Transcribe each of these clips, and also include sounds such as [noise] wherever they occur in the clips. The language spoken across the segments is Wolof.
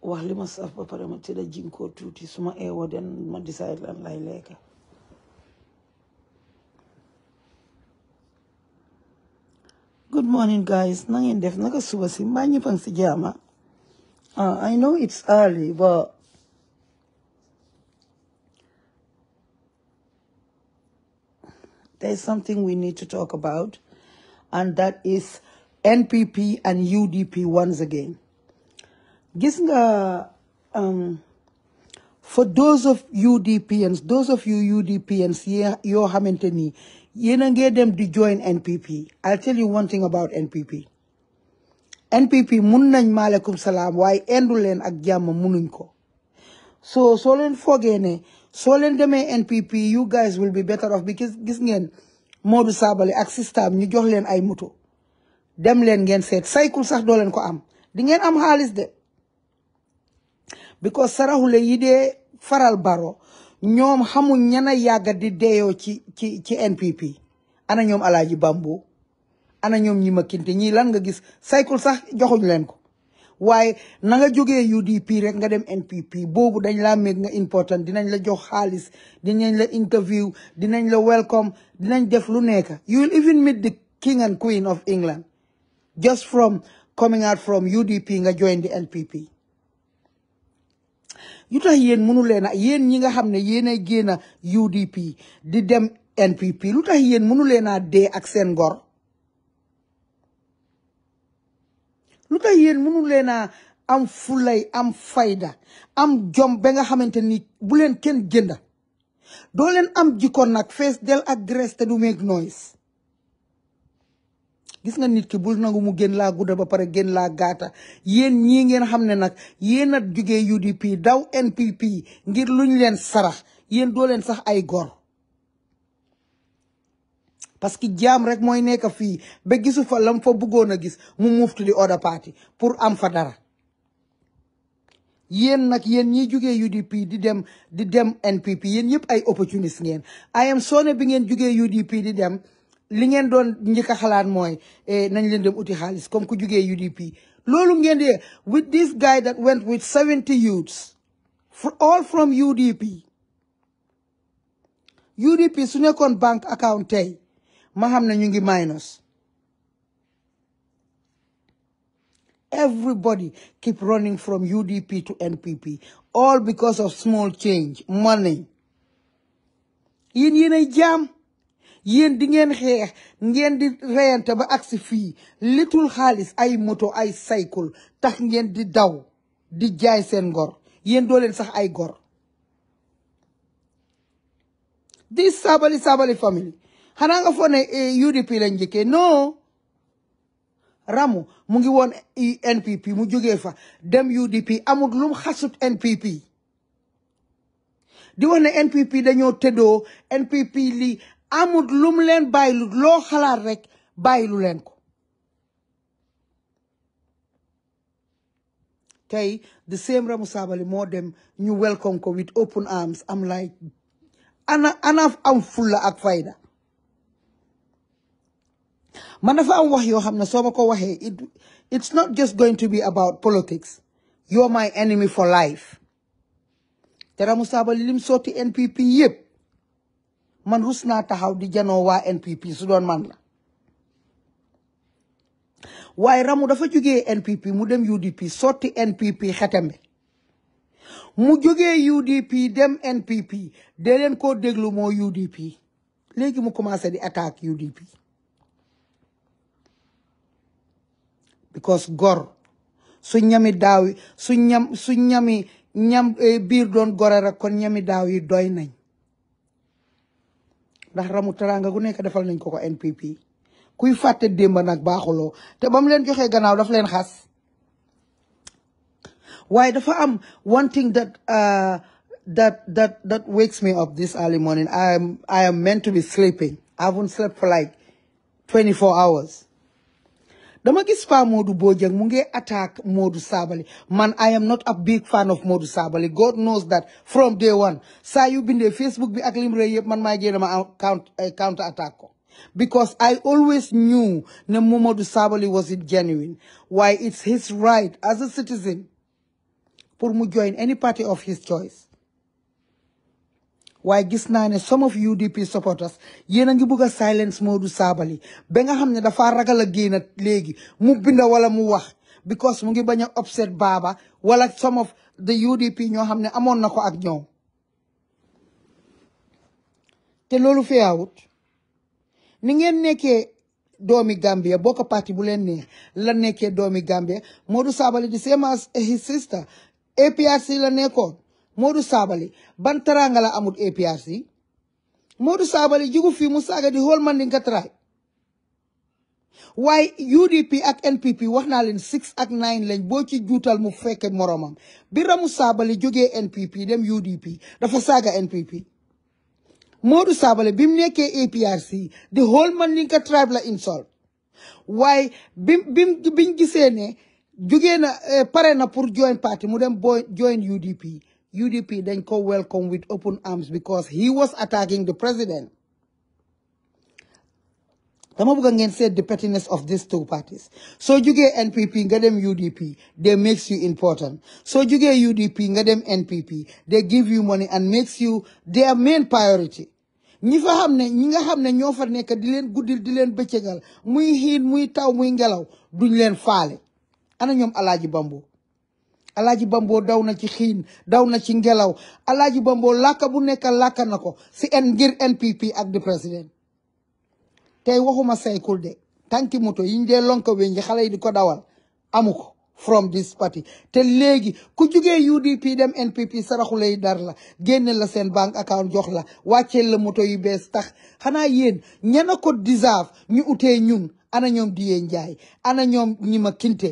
ba pare ma den ma decide lan lay good morning guys na ngeen def naka suba si mbaa ñëpp a ah? Ah, I know it's early but there's something we need to talk about and that is NPP and UDP once again gis um, for those of UDPNs those of you UDPNs yoo xamante You don't get dem to join NPP I'll tell you one thing about NPP NPP mun nañ maaleykum salaam waaye endu leen ak jàmm munuñ ko so solen leen solen ne NPP you guys will be better off because gis ngeen Modou Sabally ak système ñu jox ay muto. dem len ngeen set cycle sax doo ko am di am halis de. because saraxule yi dee faral baro ñoom xamuñ ñana yàgga di deeyoo ci ci ci NPP ana ñoom alaaji bambo ana ñoom ñi ma kinte ñii lan nga gis cycle sax joxuñ leen ko waaye na nga jógee UDP rek nga dem NPP boobu dañ laa méeg nga important dinañ la jox xaalis dinañ la interview dinañ la welcome dinañ def lu nekk you will even meet the king and queen of England just from coming out from UDP nga join the NPP yu tax yéen mënu leen a yéen ñi nga xam ne yéenay génn a UDP di dem NPP lu tax yéen mënu leen a dee ak seen ngor lu tax yéen mënu leen a am fulay am fayda am jom ba nga xamante ni bu leen kenn jënda doo leen am jikkoon nag fees del ak grace te du make noise gis nga nit ki bul nangu mu gën laa gudda ba pare gën laa gaata yéen ñii ngeen xam ne nag yéen a jugee UDP daw NPP ngir luñ leen sarax yéen doo leen sax ay gor parce que jaam rek mooy nekk fii ba gisu fa lam fa bëggoon a gis mu move to the other party pour am fa dara yéen nag yéen ñiy jugee UDP di dem di dem NPP yéen ñëpp ay opportuniste ngeen I am sone bi ngeen jugee UDP di dem li ngeen doon njëkk a xalaat mooy eh, nañ leen dem uti xaalis comme ku jugee UDP loolu ngeen di with this guy that went with seventy youths for all from UDP UDP su nekkoon bank account tey ma xam ñu ngi minus Everybody keep running from UDP to NPP, all because of small change, money. You need jam. yéen di ngeen xeex ngeen di reyante ba agsi fii litul xaalis ay moto ay saykul tax ngeen di daw di jaay seen ngor yéen doo sax ay gor di sabali sabali famille xanaa nga foog ne eh, UDP lañ njëkkee non Ramu mu ngi woon eh, NPP mu jógee fa dem UDP amul lum xasut NPP di wax ne NPP dañoo tëddoo NPP li amut lum leen bàyyilut loo xalaat rekk bàyyilu leen ko tey the same ramusabali Sabaly moo dem ñu welcome ko with open arms am like ana ana am fulla ak fayda man dafa am wax yoo ko it it's not just going to be about politics you're my enemy for life te Ramou lim sotti NPP yep. man rus naa taxaw di janoo waa NPP su doon man la waaye Ramu dafa jógee NPP mu dem UDP sotti NPP xetembe mu jógee UDP dem NPP de leen koo déglu moo UDP léegi mu commencé di attaque UDP because gor su ñami daaw su ñam ñami ñam eh, biir doon gore rek kon ñami daaw yi doy nañ ndax ramu teraanga gu nekk defal nañ ko ko NPP kuy fàtte démb nag baaxuloo te ba mu leen joxee gannaaw daf leen xas waaye dafa am one thing that uh, that that that wakes me up this early morning I am I am meant to be sleeping I haven't slept for like 24 hours dama gis Fa Modou Bojang mu ngi attack Modou Sabally man I am not a big fan of Modou Sabali. God knows that from day one saa yu bindee Facebook bi ak lim rëy yëpp man maa jéem a eh, counter attack ko because I always knew ne Momodou Sabali was it genuine why it's his right as a citizen pour mu join any party of his choice waaye gis naa ne some of UDP supporters yéen a ngi bugg a silence Modou Sabally ba nga xam ne dafa ragal a génn léegi mu binda wala mu wax because mu ngi bañ a upset Baba wala some of the UDP ñoo xam ne amoon na ko ak ñoom te loolu feeyaawut ni ngeen nekkee doomi Gambia boo ko parti bu leen neex la nekkee doomi Gambia Modou Sabally di same as his sister APRC la nekkoon Modou sabali, ban teraanga la APRC Modou sabali jugu fi mu saaga di whole Mandinka katray Why UDP ak NPP wax len 6 six ak nine len bo ci joutal mu fekke moromam Biramu sabali joge NPP dem UDP dafa saga NPP Modou sabali bim mu APRC di whole Mandinka katray la insult Why bim bim biñu gisee ne jógee na eh, pare na pour join parti mu dem join UDP UDP then co welcome with open arms because he was attacking the president. dama bëgg ngeen seet the pettiness of these two parties So you get NPP get them UDP they makes you important So you get UDP get them NPP they give you money and makes you their main priority ñi fa xam ne ñi nga xam ne ñoo fa nekk di leen guddil di leen bëccëgal muy xiin muy taw muy ngelaw duñ leen faale ana ñoom Alaaji Bambo alaaji bambo daw na ci xiin daw na ci ngelaw alaaji bamboo làkka bu nekk làkka na ko si en ngir NPP ak di président waxuma saykul de tànki moto yiñ dee lonko weñ ñi xale yi di ko dawal amu ko from this party te léegi ku jugee UDP dem NPP saraxulay dar la génne la seen bank account jox la wàcceel la moto yu bees tax xanaa yéen ñana ko deserve ñu utee ñun ana ñoom diyee njaay ana ñoom ñi ma kinte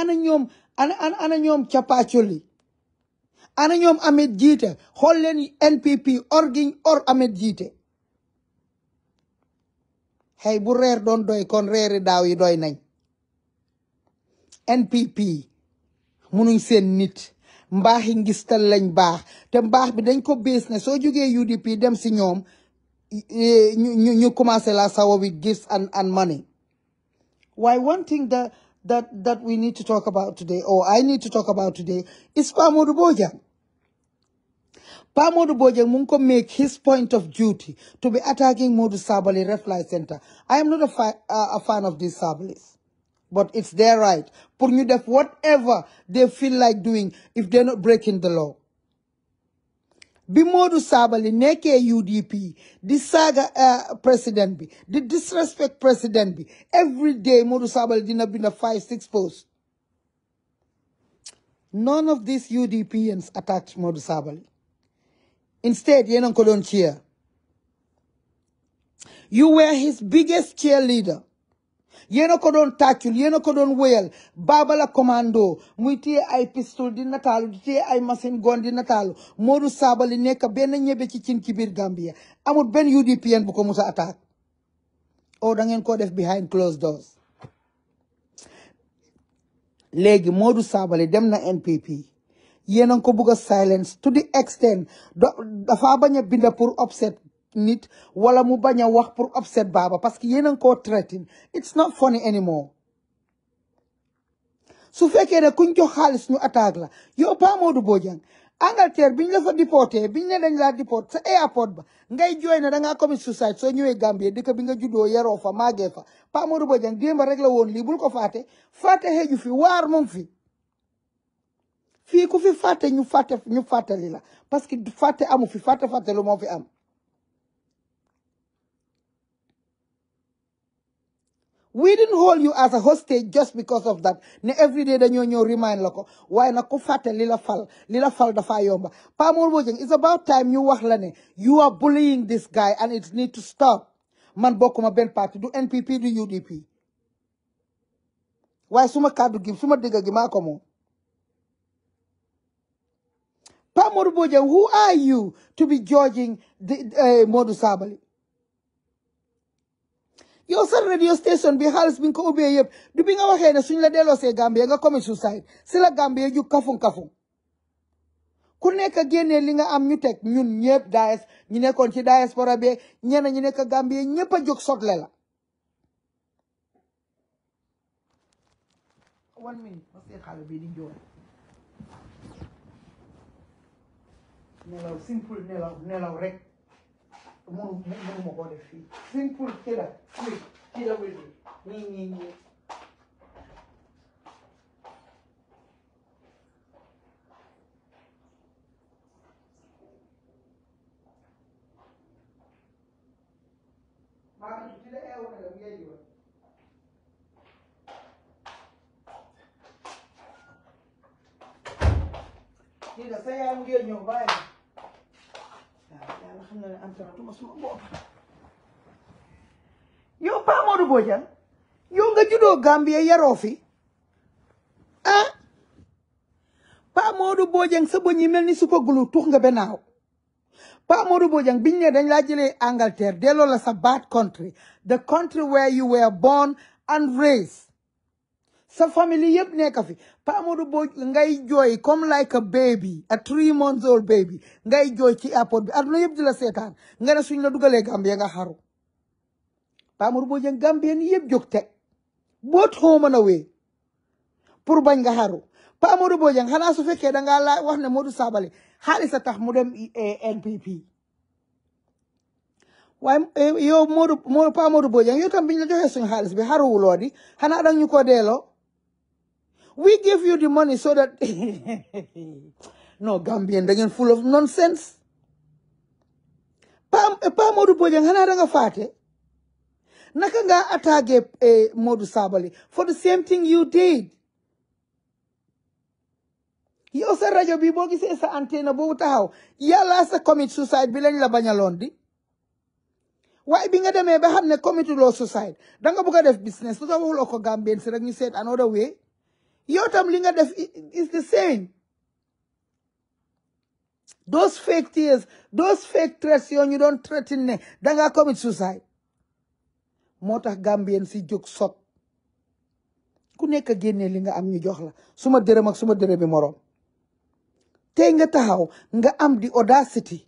ana ñoom ana ana ñoom capacoli ana ñoom Ahmed Djité xool leen NPP or giñ or Ahmed Djité xëy bu reer doon doy kon reeri daaw yi doy nañ NPP munuñ seen nit mbaaxi ngistal lañ baax te mbaax bi dañ ko bees ne soo jógee UDP dem si ñoom e, ñu ñu commencé la sawo with gifts an and money waaye one thing that, that we need to talk about today, or I need to talk about today, is Pamodu Bojang. Pamodu Bojang Munko make his point of duty to be attacking Modu Sabali Reflight Center. I am not a, fi uh, a fan of these Sabalis, but it's their right. Put you whatever they feel like doing if they're not breaking the law. Bimodu Sabali, neke UDP di eh, président bi di disrespect président bi every day Modou Sabally dina binda five six posts none of these UDPians attacked Modou Sabali. instead yenon a cheer you were his biggest cheerleader yéen a ko doon tàccul yéen ko doon wéyal baabala commando muy téye ay pistol di nataalu di ay machine gun di nataalu Modou Sabally nekk benn ñebe ci cin ci biir Gambia amul benn UDPN bu ko musa attaque o oh, ngeen ko def behind closed doors léegi Modou Sabally dem na NPP yéen a ko bugg a silence to the extent dafa bañ binda pour upset nit wala mu bañ a wax pour upset baaba parce que yéen a ngi koo threaten it's not funny anymore su fekkee ne kuñ jox xaalis ñu attaque la yow Pa Modou Bojang Angleterre biñ la fa déporté biñ ne dañ laa déporté sa airport ba ngay jooy ne da ngaa commit suicide soo ñëwee Gambie dëkk bi nga juddoo yaroo fa màggee fa Pa Modou Bojang démba rek la woon lii bul ko faate fàtte xëju fi waar moom fi fii ku fi fàtte ñu fàtte ñu fàttali la parce que fàtte amu fi fàtte fàtte lu moo fi am we didn't hold you as a hostage just because of that ne every that dañoo ñëw remind la ko waaye nag ku fàtte li la fal li la fal dafa yomba Pa it's about time you wax la ne you are bullying this guy and it need to stop man bokkuma ben parti du NPP du UDP waaye suma kàddu gi suma dégg gi maa ko Pa Mor Bojang who are you to be judging the eh, Modou sabali? yow sa radio station bi xaalis bi nga ko ubbee yëpp du bi nga waxee ne suñ la delloosee Gambia nga commit suicide si la Gambia jug kafung kafung ku nekk génnee li nga am ñu teg ñun ñëpp nekkoon ci diaspora bi ñenn ñu nekk Gambia ñëpp a jóg sotle la one minute ma seen xale di njool umuntu umugore fi simple kira quick kira wezi n'inkingi Mara kile ewe unayomjua Kila sasa yangu nyumbani Yo na ne Amsatou bojan, yo yow Paa Modou Bojang yow nga judo Gambie yaro fi ah Paa Modou bojan sa bo yi melni su ko glu tux nga benaaw Paa Modou bojan biñ ne dañ la jëlee Angleterre delloo la sa bad country the country where you were born and raised sa famille yëpp nekk fi Pa Amadou ngay jooy comme like a baby a three months old baby ngay jooy ci airport bi adduna yëpp di la seetaan nga ne suñ la dugalee Gambia nga xaru Pa Amadou Mbodj ak Gambien yëpp jóg teg boot bañ nga xaru Pa Amadou Mbodj su fekkee da la wax ne Modou Sabally xaalis a tax mu dem eh, NPP waaye eh, yow Modou Modou Pa Amadou Mbodj yow tam biñ la joxee suñ xaalis bi xaruwuloo di xanaa ñu ko delloo We give you the money so that... [laughs] no, Gambian, they're full of nonsense. Pa modu po hana ranga fate. Naka nga atage eh, modu Sabali for the same thing you did. yow sa rajo bi boo gisee sa antenne boobu taxaw yàlla sa commit suicide bi lañ la bañ a loon di waaye bi nga demee ba xam ne commituloo suicide danga bëgg a def business lu tax waxuloo ko Gambien si rek ñu another way yow tam li nga def is the same those fake tears yoo ñu doon threaten ne danga commit suicide moo tax Gambien si jóg sot ku nekk génne li nga am ñu jox la suma dërëm ak suma dërëmi moroom te nga taxaw nga am di audacity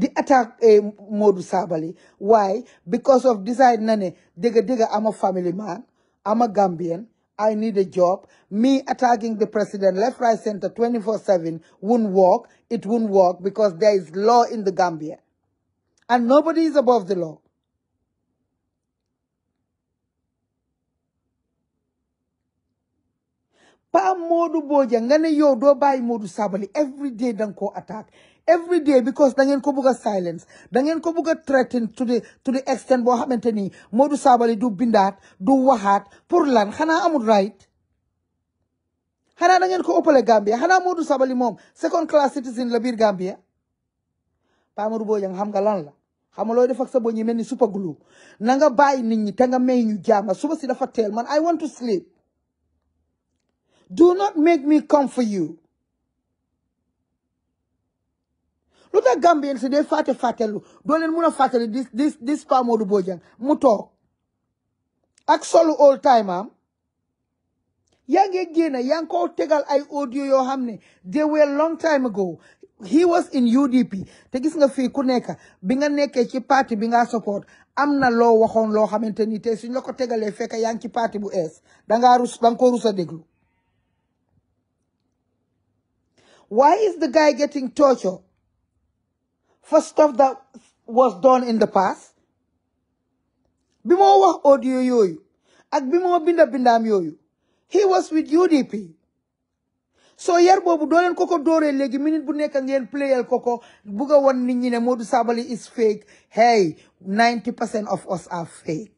di attaque eh, Modou Sabally why because of decide na ne dëgg dëgg ama family man ama Gambien I need a job. Me attacking the president left, right, center 24 7 would not work. It would not work because there is law in the Gambia. And nobody is above the law. Pape Modou Bojang nga ne yow doo bàyyi Modou Sabally every day da nga koo attaque every day because da ngeen ko bëgg a silence da ngeen ko bëgg a threaten to the to the extent boo xamante ni Modou Sabally du bindaat du waxaat pour lan xanaa amul right xanaa da ngeen ko ëppale Gambia xanaa Modou Sabally moom second class citizen la biir Gambia Pape Modou Bojang xam nga lan la xam nga looy def ak sa boñ yi mel ni super glue na nga ñi te nga may ñu jaama suba si dafa teel man I want to Do not make me come for you. Look at Gambien si they fàtte fàttelu doo leen mun a fàttali dis this this this Modou of the toog Muto. solu all time am yaa ngi génn yaa ngi tegal i audio yoo they were a long time ago he was in UDP te gis nga fii ku nekk bi nga nekkee ci parti support am na loo waxoon loo xamante ni tegal efeka yanki party bu es. Danga rus danga ko rus déglu Why is the guy getting torture for stuff that was done in the past? bi moo wax audio yooyu ak bi binda he was with UDP so here boobu doo leen koko ko dooree léegi minute bu nekk ngeen playal ko ko bugg won nit ñi ne Modou is fake hey ninety percent of us are fake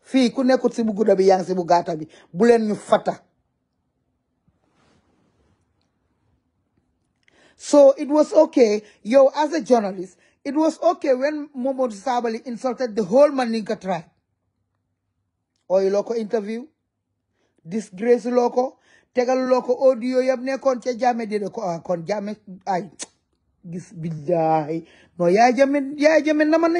Fi ku kuti si bu gudda bi si bu gaata bi bu ñu fata So it was okay, yo, as a journalist, it was okay when Momo Sabali insulted the whole Maninka tribe. a oh, local interview, disgrace loco, tegal loco audio yab ne kon ca jame de ko ah, kon jame ay [tsk] gis billahi no ya jame ya jame naman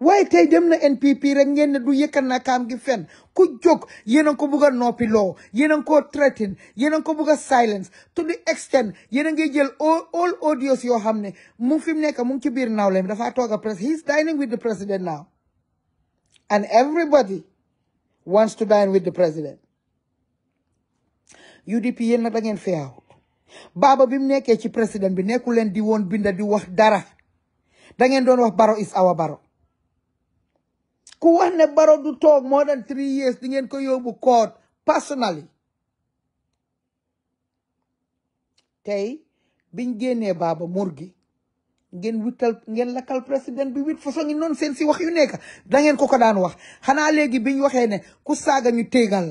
waaye tey dem na NPP rek ngeen ne du yëkkat na kaam gi fenn ku jóg yéen a ko bugg a noppi loo yéen a ko threaten yéen a ko bugg a silence to the extent yéen a ngi jël all all audios yoo xam ne mu fi mu nekk mu ngi ci biir nawleem dafa toog press he's dining with the president now and everybody wants to dine with the president UDP yéen nag da ngeen feeaw Baba, bi mu ci président bi nekku leen di woon binda di wax dara da ngeen doon wax baro is awa baro ku wax ne Barrow du talk more than three years di ngeen ko court personally tey biñ génnee baba mur gi ngeen wital ngeen président bi wit façon ngi noonu seen si wax yu nekk da ngeen ko ko daan wax xanaa ne ku saga ñu téegal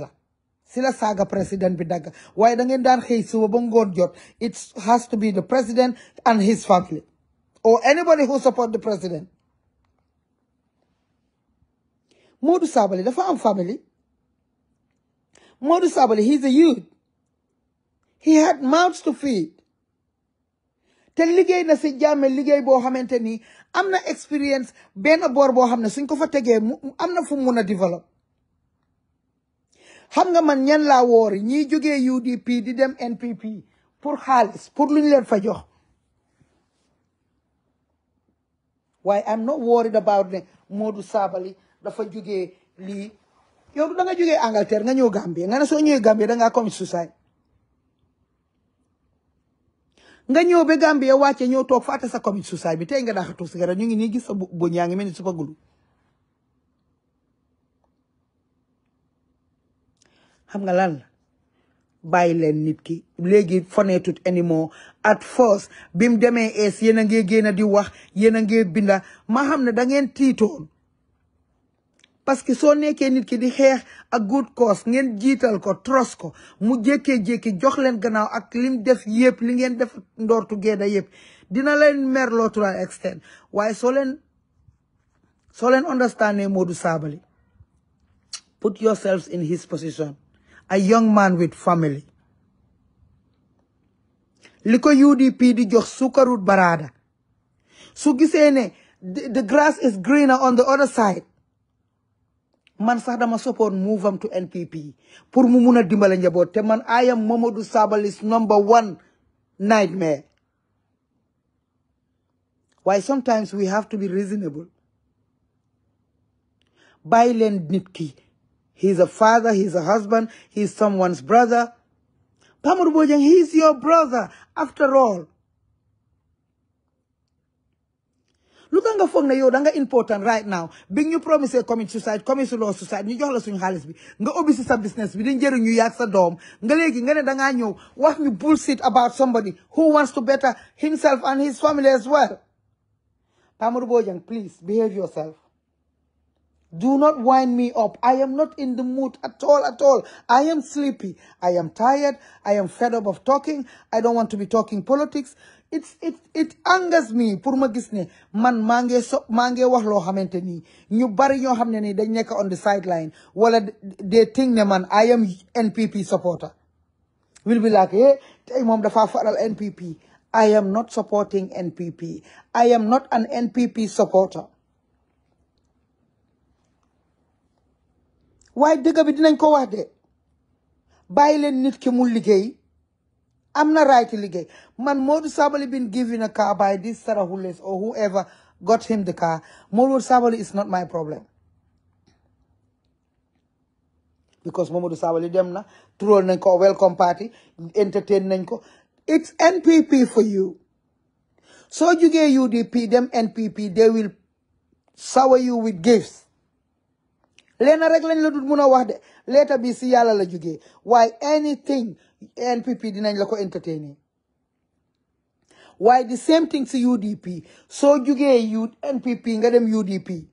la président bi dagg waaye da ngeen daan xëy suba jot it has to be the president and his family or anybody who support the president Modou Sabally dafa am family Modou Sabally he's a youth he had mouths to feed te liggéey na si jàmme liggéey boo xamante Amna expérience benn boor boo xam ne suñ ko fa tegee mu am na fu mun a développer man ñan laa woori ñiy jógee UDP di dem NPP pour xaalis pour luñ leen fa I'm not worried about ne Modou Sabally dafa jóge lii yow da nga jógee Angleterre nga ñëw Gambie nga ne soo ñëwee Gambie da ngaa commit suicide nga ñëw ba Gambie wàcce ñëw toog fa atta sa commit bi tey nga daax a toog sigara ñu ngi nii gis sa góñ yaa ngi mel ni supa gulu xam nga lan la bàyyi leen nit ki léegi foneetut anymore at force bi mu demee ees yéen a ngee génn di wax yéen a ngee binda maa xam ne da ngeen tiitoon parce que soo nekkee nit ki di xeex ak good cause ngeen jiital ko tros ko mu jékkee-jékki jox leen gannaaw ak lim def yëpp li ngeen def ndoortu géeda yëpp dina leen mer loo to extend. extent waaye soo leen soo leen understandee Modou Sabally put yourselves in his position a young man with family li ko UDP di jox sukarut baraada su gisee the grass is greener on the other side man sax dama move am to NPP pour mu mun a dimbale te man I am Momodou Sabali's number one nightmare Why sometimes we have to be reasonable bàyyi leen he's a father He's a husband He's someone's brother Pamour Bojang your brother after all lu tax nga foog ne yow da nga important right now bi ñu promisé eh, commit suicide commit law suicide ñu jox la suñu xaalis bi nga ubbi si sa business bi di njëriñ ñu yàgg sa doom nga léegi nga ne da ngaa ñëw wax ñu bullshit about somebody who wants to better himself and his family as well. Pamadou Bojang, please behave yourself. Do not wind me up. I am not in the mood at all, at all. I am sleepy. I am tired. I am fed up of talking. I don't want to be talking politics it's it it angers me pour ma gis ne man maa ngee so maa ngee wax loo xamante ñu bari dañ on the sideline wala they think ne man I am NPP supporter will be like eh tey the dafa faral NPP I am not supporting NPP I am not an NPP supporter Why dëgg bi dinañ ko wax de bàyyi nit ki mu i am not right liggéey man Modou Sabally been given a car by this Sarah Hules or whoever got him the car Modou Sabally is not my problem because Mamadou Sabally dem na tural welcome party entertain nañ it's NPP for you so you get UDP dem NPP they will sour you with gifts leena rek see yàlla why anything NPP dinañ la ko entertainer Why the same thing to UDP so jugee yu NPP nga dem UDP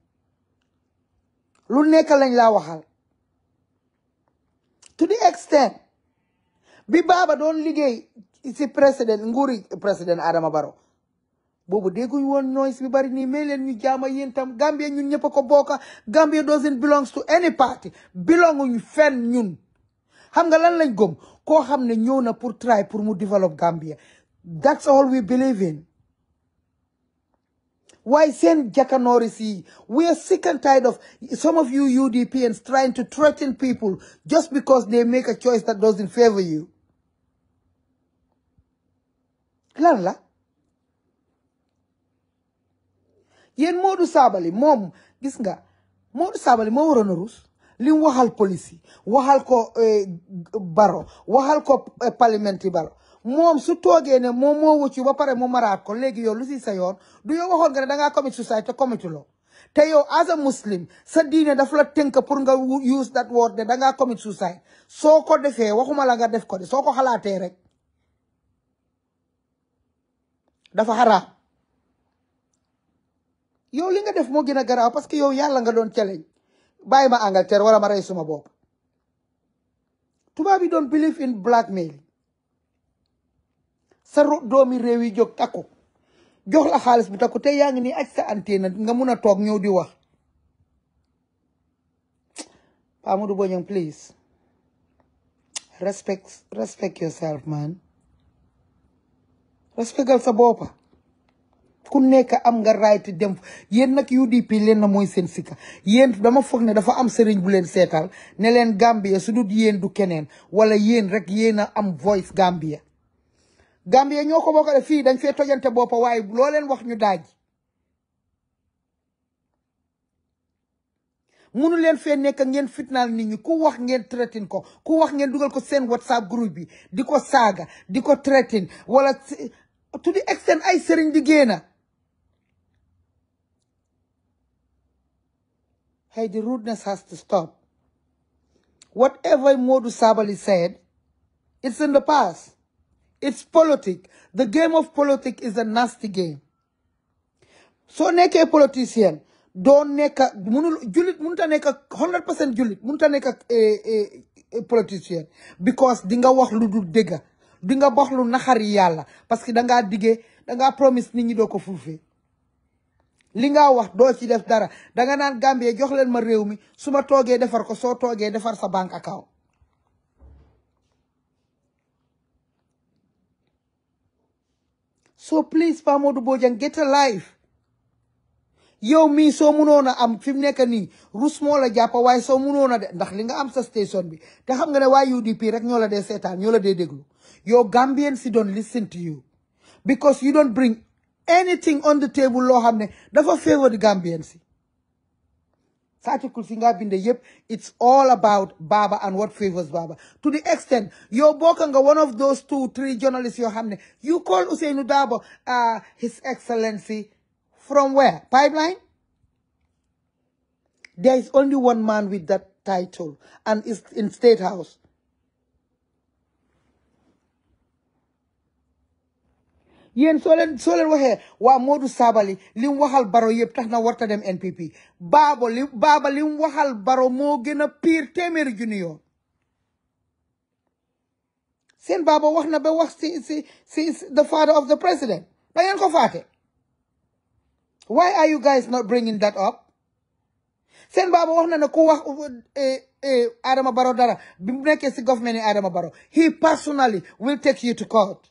lu nekk lañ laa waxal to the extent bi baaba doon liggéey a président Nguri président Adama Barrow boobu dégguñ woon noise bi bari nii may leen ñu jaama yéen tam Gambia ñun ñëpp ko Gambia doesn't belongs to any party you fenn ñun xam nga lan lañ gëm koo xam ne ñëw na pour try pour mu develop Gambia that's all we believe in Why send Jakanori We are sick and tired of some of you UDPNs trying to threaten people just because they make a choice that doesn't favor you. lan la yéen Modou sabali mom gis nga Modou sabali mo waroon a rus li waxal police yi waxal ko eh, Baro waxal ko eh, parlementaire Baro moom su toogee ne moom moo wuccu ba pare mu maraat ko léegi yow lu si sa yoon du yow waxoon nga ne dangaa commit suicide te commitu loo te yow as a muslim sa diine dafa la tënk pour nga use that word ne dangaa commit suicide soo ko defee waxuma la nga def ko de soo ko xalaatee rek dafa xaraam yow li nga def moo gën a garaaw parce que yow yàlla nga doon challenge bàyyi ma Angleterre wala ma ray suma bop tubaab don't believe in blackmail sa doomi réew rewi jog takko jox la xaliss bi takko te yaa ni nii sa antenne nga muna tok ñew di wax Amadou Bojang please respect respect yourself man Respect sa boppa ku nekk am nga right dem yéen nag UDP leen na mooy seen sikka yéen dama foog ne dafa am sëriñ bu leen seetal ne leen Gambia su dut yéen du keneen wala yéen rek yéen a am voice Gambia Gambia ñoo ko bokk fii dañ fee tojante boppa waaye loo leen wax ñu daaj munu leen fee nekk ngeen fitnaal ni ñu ku wax ngeen traité ko ku wax ngeen dugal ko seen whatsapp groupe bi di ko saaga di ko traité wala to the extent ay sëriñ di génna hey, the rudeness has to stop. Whatever Modu Sabali said, it's in the past. It's politics. The game of politics is a nasty game. So, neke politician doo nekk munul jullit munut 100% jullit munut a nekk eh, eh, eh, because Dinga nga wax lu dul dëgga di nga wax lu naxari yàlla promise ñi doo li nga wax do ci def dara nga nan gambie jox len ma réew mi su ma defar ko so toge defar sa bank account so please Pa Modou bojan get a life yow mi so mënoon am fim nek ni. nii rus moo la japp way so mënoon de ndax li nga am sa station bi te xam nga ne way UDP rek ñola de setan ñola de deglu yo Gambian si don listen to you because you don't bring anything on the table loo xam ne dafa favour the Gambian article si binde yëpp it's all about Baba and what favours Baba to the extent your bokka nga one of those two three journalists yoo xam you call Ousainu Darboe uh, his excellency from where pipeline there is only one man with that title and it's in State House Yen solen solen soo wa modu sabali lim wahal li mu baro yëpp tax na warta dem NPP baabo li Baba lim wahal baro moo gën a pire téeméeri junni yoon seen baaba wax ba wax si si the father of the president da ngeen ko faate why are you guys not bringing that up seen Baba wax na ku wax eh, eh, Adama baro dara bi mu nekkee si government Adama baro. he personally will take you to court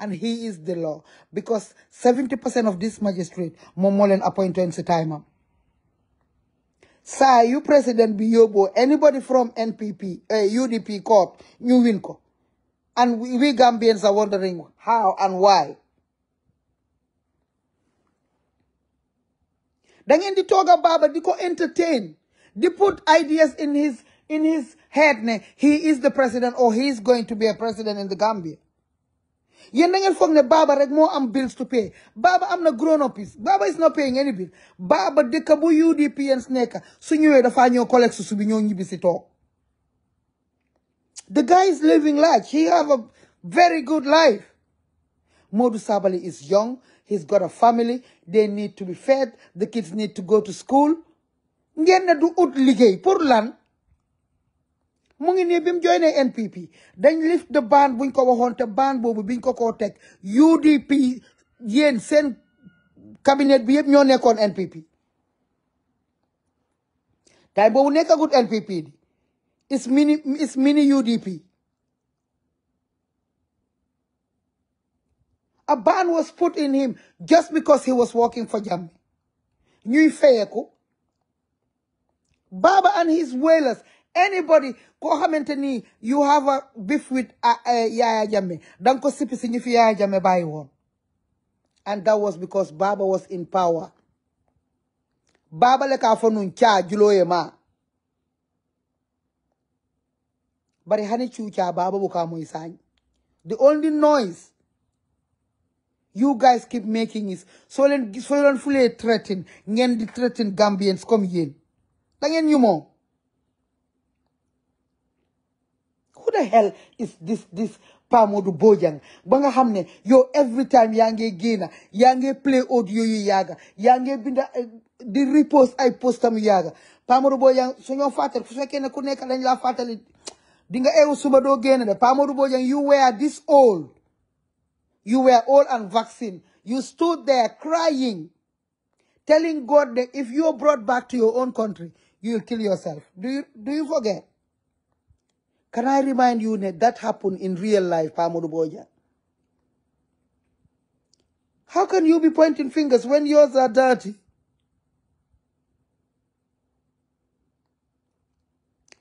and he is the law. Because 70% of this magistrate, Momolen appointed in Sitaima. Sir, you President Biyobo, anybody from NPP, uh, eh, UDP Corp, New Winco. And we, we Gambians are wondering how and why. da ngeen di toog a di ko entertain di put ideas in his in his head ne he is the president or he is going to be a president in the Gambia yéen da ngeen foog ne baba rek am bills to pay i am na grown up is Baba is not paying any bill Baba, dëkk bu UDPNs and su ñëwee dafaa ñëw collect su bi ñoo ñibbi the guy is living large he have a very good life Modu Sabali is young he's got a family they need to be fed the kids need to go to school ngeen du ut pour lan mu ngi nii NPP Then lift the ban buñ ko waxoon te ban boobu biñ ko koo teg UDP yéen seen cabinet bi yëpp NPP tay boobu nekkagut NPP di is mini is mini UDP a ban was put in him just because he was working for Jammeh ñuy fayeku Baba and his whalers anybody koo xamante you have a beef with uh, uh, Yaya Jammeh danga ko sippi si ñu fi Yaya Jammeh bàyyi woon and that was because Baba was in power Baba le ka fa nun caa julooye ma bari hani cha Baba bu ka moy the only noise you guys keep making is soo leen soo leen fulee threaten ngeen di threaten Gambians comme yéen da ngeen ñu moom who the hell is this this Pamodu Bojang hamne yo. every time yange gina, yange play audio yaga, yange yaa ngi eh, the di repost I postam yu yaga. Pamodu Bojang suñoo fàttali su fekkee ne ku nekk dañ laa Dinga di sumado eewu suba Pamodu Bojang you were this old you were old and vaccine you stood there crying telling God that if you are brought back to your own country you will kill yourself do you do you forget can I remind you that that happened in real life, Pamudu Boja? How can you be pointing fingers when yours are dirty?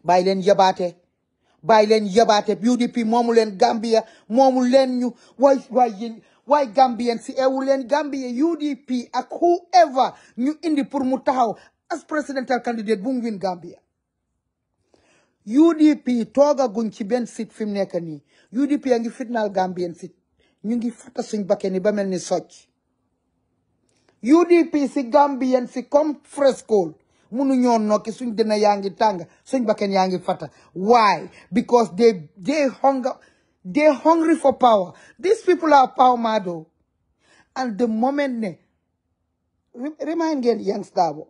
bàyyi leen yabaate bàyyi leen yabaate UDP moomu Gambia moomu you why why why Gambia and Gambien si Gambia UDP ak whoever ñu indi pour as presidential candidate bungwin Gambia UDP toogaguñ ci ben sit fi nekani. UDP a ngi Gambien sit ñu ngi fata suñ bakeni ni ba mel ni socc UDP si Gambien si comme frescool munu ñoo nokki suñ dina yaa ngi tàng suñ fata why because they they hunger they hungry for power these people are power mado. and the moment ne remind ngeen youngster. Darboe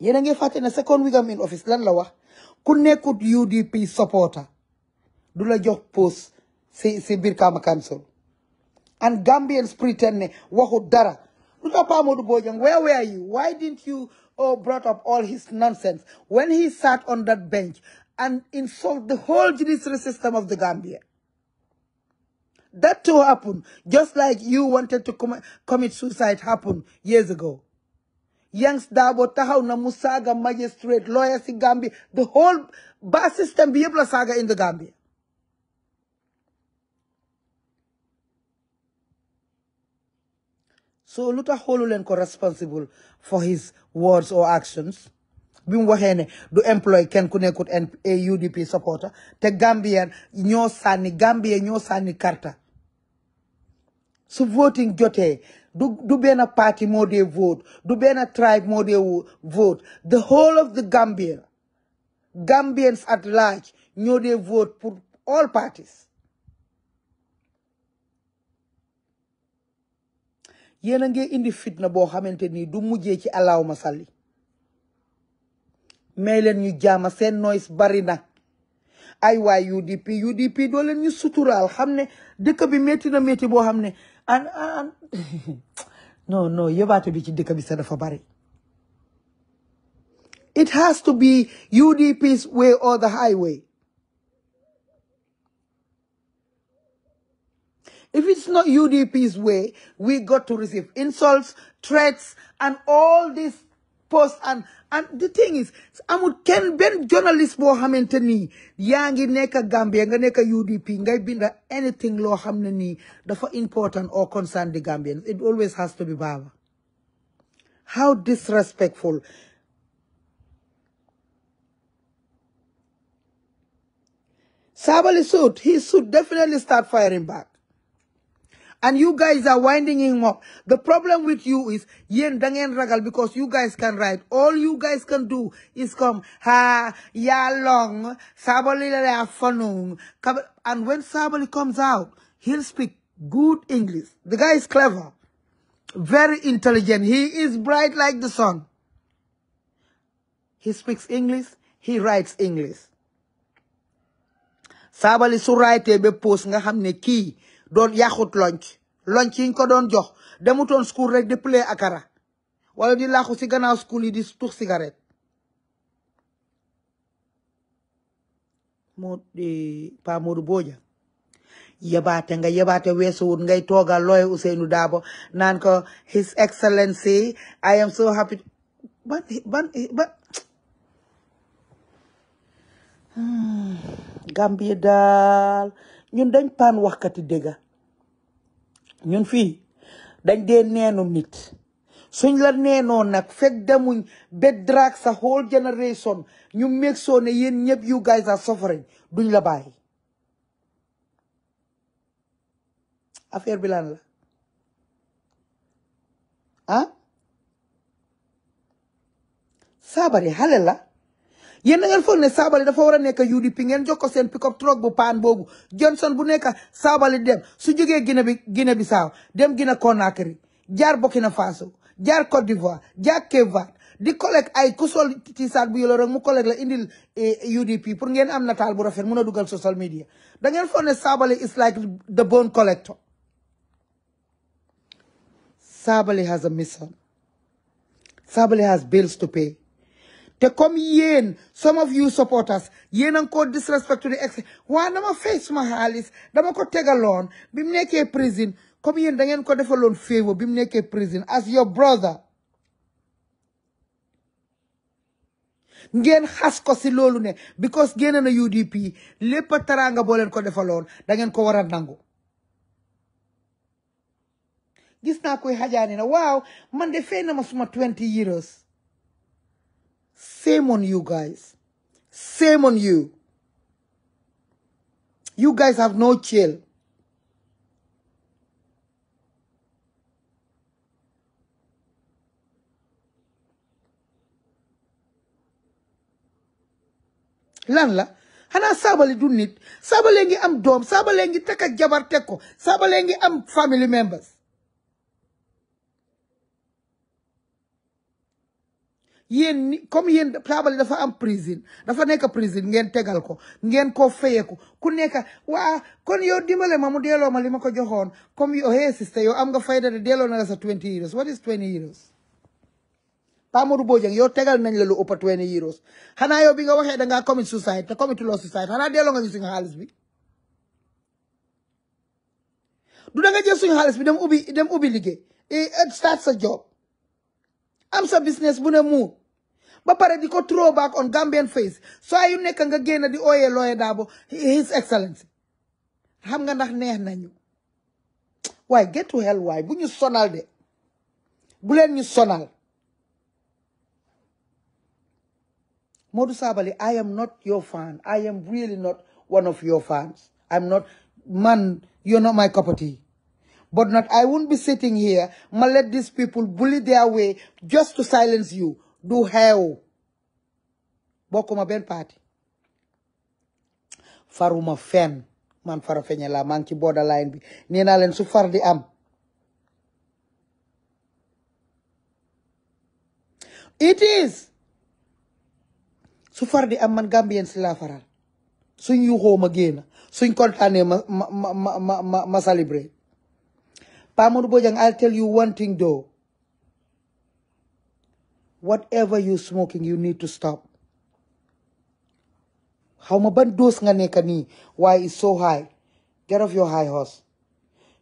yéen a ngi second week am in office lan la wa ku nekkut UDP supporter du jox poste si si biir Kama Council and Gambians pretend ne waxut dara lu Pa Modou Bojang where were you why didn't you oh brought up all his nonsense when he sat on that bench and insult the whole judiciary system of the Gambia. That too happened, just like you wanted to com commit suicide happened years ago. Youngs Dabo taxaw na mu saaga magistrate lawyer si Gambia the whole bar system be yëpp saga in the Gambia so luta tax ko responsible for his words or actions bi wahene waxee ne ken employ kenn ku UDP supporter te Gambien ñoo Gambia Gambien ñoo sànni karta su voting jotee du du benn parti moo dee vote du benn tribe moo dee vote the whole of the Gambia Gambians at large ñoo dee vote pour all parties yéen a ngi indi fitna boo xamante ni du mujjee ci alaaw ma sàlli may leen ñu jaama seen noise bari na ay waay UDP UDP doo leen ñu suturaal xam ne dëkk bi métti na métti boo xam ne And and [laughs] no no you bi be dëkk bi sax dafa bari it has to be UDP's way or the highway If it's not UDP's way, we got to receive insults, threats, and all these post and and the thing is I kenn benn journaliste boo xamante nii yaa ngi Gambia nga nekk UDP ngay binda anything lo xam dafa important or concern the Gambians it always has to be Baba how disrespectful Sabali should he should definitely start firing back and you guys are winding him up. The problem with you is yen dangen ragal because you guys can write. All you guys can do is come ha ya long sabali afanung. And when Sabali comes out, he'll speak good English. The guy is clever, very intelligent. He is bright like the sun. He speaks English. He writes English. Sabali surayte be post nga hamne ki Don yaxut lonc lonc yi ko don jox demutoon school rek di play akara wala di laxu ci gannaaw school yi di tour cigarette Modi di pa Modou Boja yebate nga yebaate weesuwut ngay toga looye Ousseynou Dabo nan ko his excellency I am so happy ban ban ban [sighs] Gambie dal ñun dañ wax kat dega ñun fii dañ dee neenu nit suñ la neenoon nag fekk demuñ ba drag sa whole generation ñu meeg soo ne yéen ñëpp you guys are suffering duñ la bàyyi affaire bi lan la ah saabari xale la yéen da ngeen foog ne Sabaly dafa war a nekk UDP ngeen jox ko seen pick-up truck bu paan boobu Johnson bu nekk Sabaly dem su jógee Guinée bi Guinée dem Guinée Conakry jaar Burkina Faso jaar Côte d'Ivoire jaar Cape di collègue ay ku sol ci saat bu yëloo rek mu collègue la indil eh, UDP pour ngeen am nataal bu rafet mun a dugal social media da ngeen foog ne Sabaly is like the bone collector Sabaly has a mission Sabaly has bills to pay te comme yéen some of you supporters yéen a ngi ko disrespect to the ex waa dama fay suma xaalis dama ko tegaloon bi mu nekkee prison comme yéen da ngeen ko defaloon favor bi mu nekkee prison as your brother ngeen xas ko si loolu ne because génne na UDP lépp a taraanga boo leen ko defaloon da ngeen ko war a nangu gis naa koy xajaani na waaw man de fay na ma suma 20 Same on you guys. Same on you. You guys have no chill. lan la xanaa saabale Sabalengi am dom. Sabalengi ngi takk ko am family members yéen ni comme yéen Sabaly dafa am prison dafa nekk prison ngeen tegal ko ngeen ko fayeku ku nekk waa kon yow dimbale ma mu delloo ma li ma ko joxoon comme yow hey sister yow am nga fayda de delloo na la sa 20 euros what is 20 euros Pa Modou Bojang yow tegal nañ la lu ëpp 20 euros xanaa yow bi nga waxee da ngaa commit suicide te commit loo suicide xanaa delloo nga ñu suñu xaalis bi du da nga jël suñu xaalis bi dem ubbi dem ubbi liggéey et eh, eh, start sa job sa business bu ne muur ba pare di ko throwback on Gambian face So yu nekk nga gena di oye Lawyer dabo his excellency Ham nga ndax neex nañu waaye get to hell Why? bu ñu sonal de bu leen sonal Modu sabali. I am not your fan I am really not one of your fans I'm not man you're not my cup of tea but not I won't be sitting here ma let these people bully their way just to silence you du hew bokuma ben parti faruma fen man fara feñe la man ci ci line bi neena sufar su far di am it is su far di am man gambien ci la faral suñ yu xoma génn suñ contane ma ma ma ma ma ma celebrate Pa Bojang I'll tell you one thing though whatever you smoking you need to stop xaw ma ban dose nga nekk nii waaye it's so high get off your high horse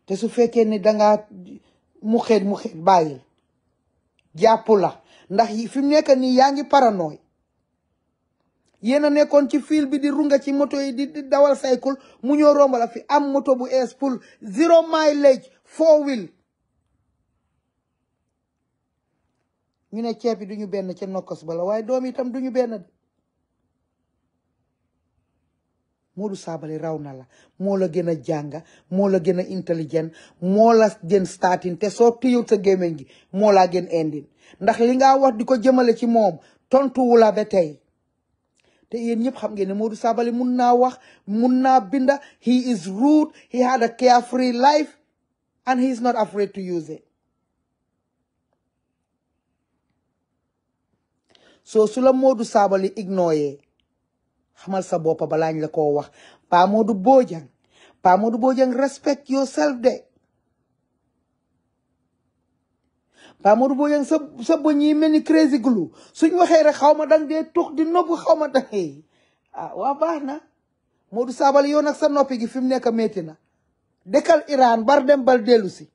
te su fekkee ne danga mu xeet mu xeet bàyyil jàpp la ndax fi mu nekk nii yaa ngi paranoï yéen a nekkoon ci fil bi di runga ci moto yi di dawal cycle mu ñoo fi am moto bu ees pour zero mileage four wheel ñu ne ceeb du ñu benn ca nokkos bala waaye doom itam duñu benn de Modou sabali raw na la moo la gën a jànga moo la gën a intelligent moo la gën starting te soo tiyul sa gémmiñ gi moo laa gën endin ndax li nga wax di ko jëmale ci moom tontuwu la ba tey te yéen ñëpp xam ngeen ne Modou Sabally mun naa wax mun naa binda he is rude he had a carefree life and he is not afraid to use it so sulam la Modou sabali hamal xamal sa ba lañ la ko wax Pa Modou Bojang Pa Modou Bojang respect yourself de Pa Modou Bojang sa sa crazy glue suñ waxe rek xawma dang de tux di nopp xawma ma ah wa baax na Modou sabali yo nak sa nopi gi fim nekk Iran bar dem bal delusi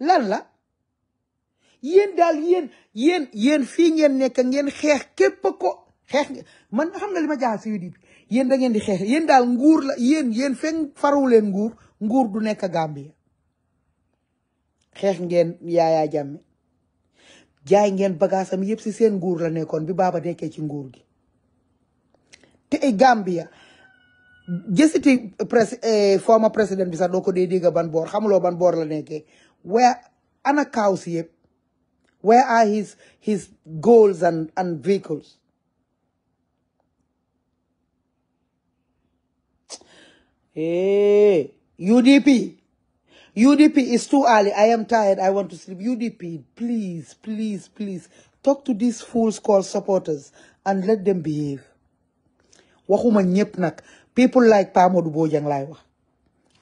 lan la yéen daal yéen yéen fii ngeen nekk ngeen xeex képp ko xeex man xam nga li ma jaaxal si yu bi da ngeen di xeex yéen daal nguur la yéen yéen fenn faru leen nguur nguur du nekk Gambia xeex ngeen yaayaa jàmme jaay ngeen bagaasam yëpp si seen nguur la nekkoon bi baaba nekkee ci nguur gi te ay Gambia jësiti pres eh, former président bi sax doo ko dee dégg ban boor xamuloo ban boor la nekkee Where Anakausi, where are his, his goals and, and vehicles? Hey, UDP. UDP is too early. I am tired. I want to sleep. UDP, please, please, please. Talk to these fools called supporters and let them behave. Waxuma ñep People like Pamod Bojang laiwa.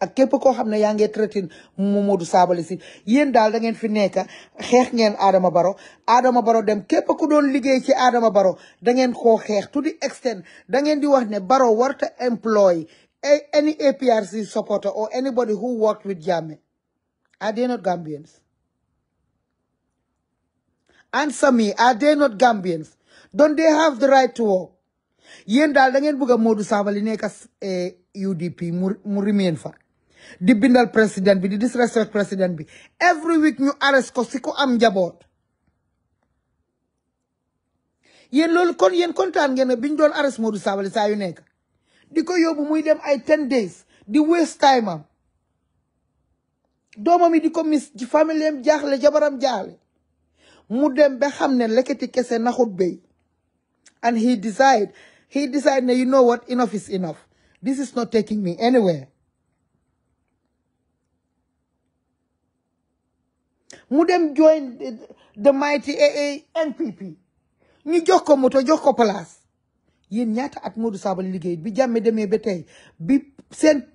ak képp koo xam ne yaa ngi traité Momodou sabali Sy yéen daal da ngeen fi nekk xeex ngeen Adama Baro Adama Baro dem képp ku doon liggéey ci Adama Baro da ngeen koo xeex to the extent da ngeen di wax ne Baro warta employ any APRC supporter or anybody who worked with Jammeh are they not Gambians answer me are they not Gambians don't they have the right to work yéen daal da ngeen bëgg a Modou Sabally nekk eh, UDP mu mu remain fa di bindal président bi di disrespect président bi every week ñu arrest ko si ku am njaboot yéen loolu kon yéen kontaan ngeen bi ñu doon arrest Modou Sabally saa yu nekk di ko yóbbu muy dem ay ten days di waste time am doomam yi di ko mis ci famille am jaaxle jabaram jaaxle mu dem ba xam ne lekkati kese naxut béy and he decide he decide ne you know what enough is enough this is not taking me anywhere Mudem join the mighty AA NPP ñu jox ko moto jox palas. place at Modou Sabally Bija bi jàmme demee ba bi seen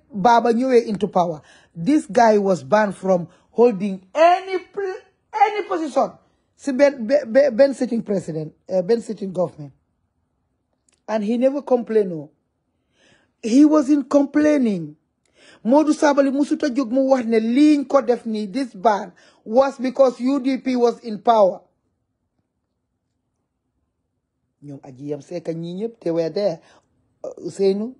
into power this guy was banned from holding any any position si Ben Ben sitting president eh, Ben sitting government and he never complained no he wasn't complaining Modu Sabali Musuta Jogmu Wahne Lin Kodefni, this ban was because UDP was in power. Nyom Ajiyam Seka Nyinyip, they were there. Usainu. Uh,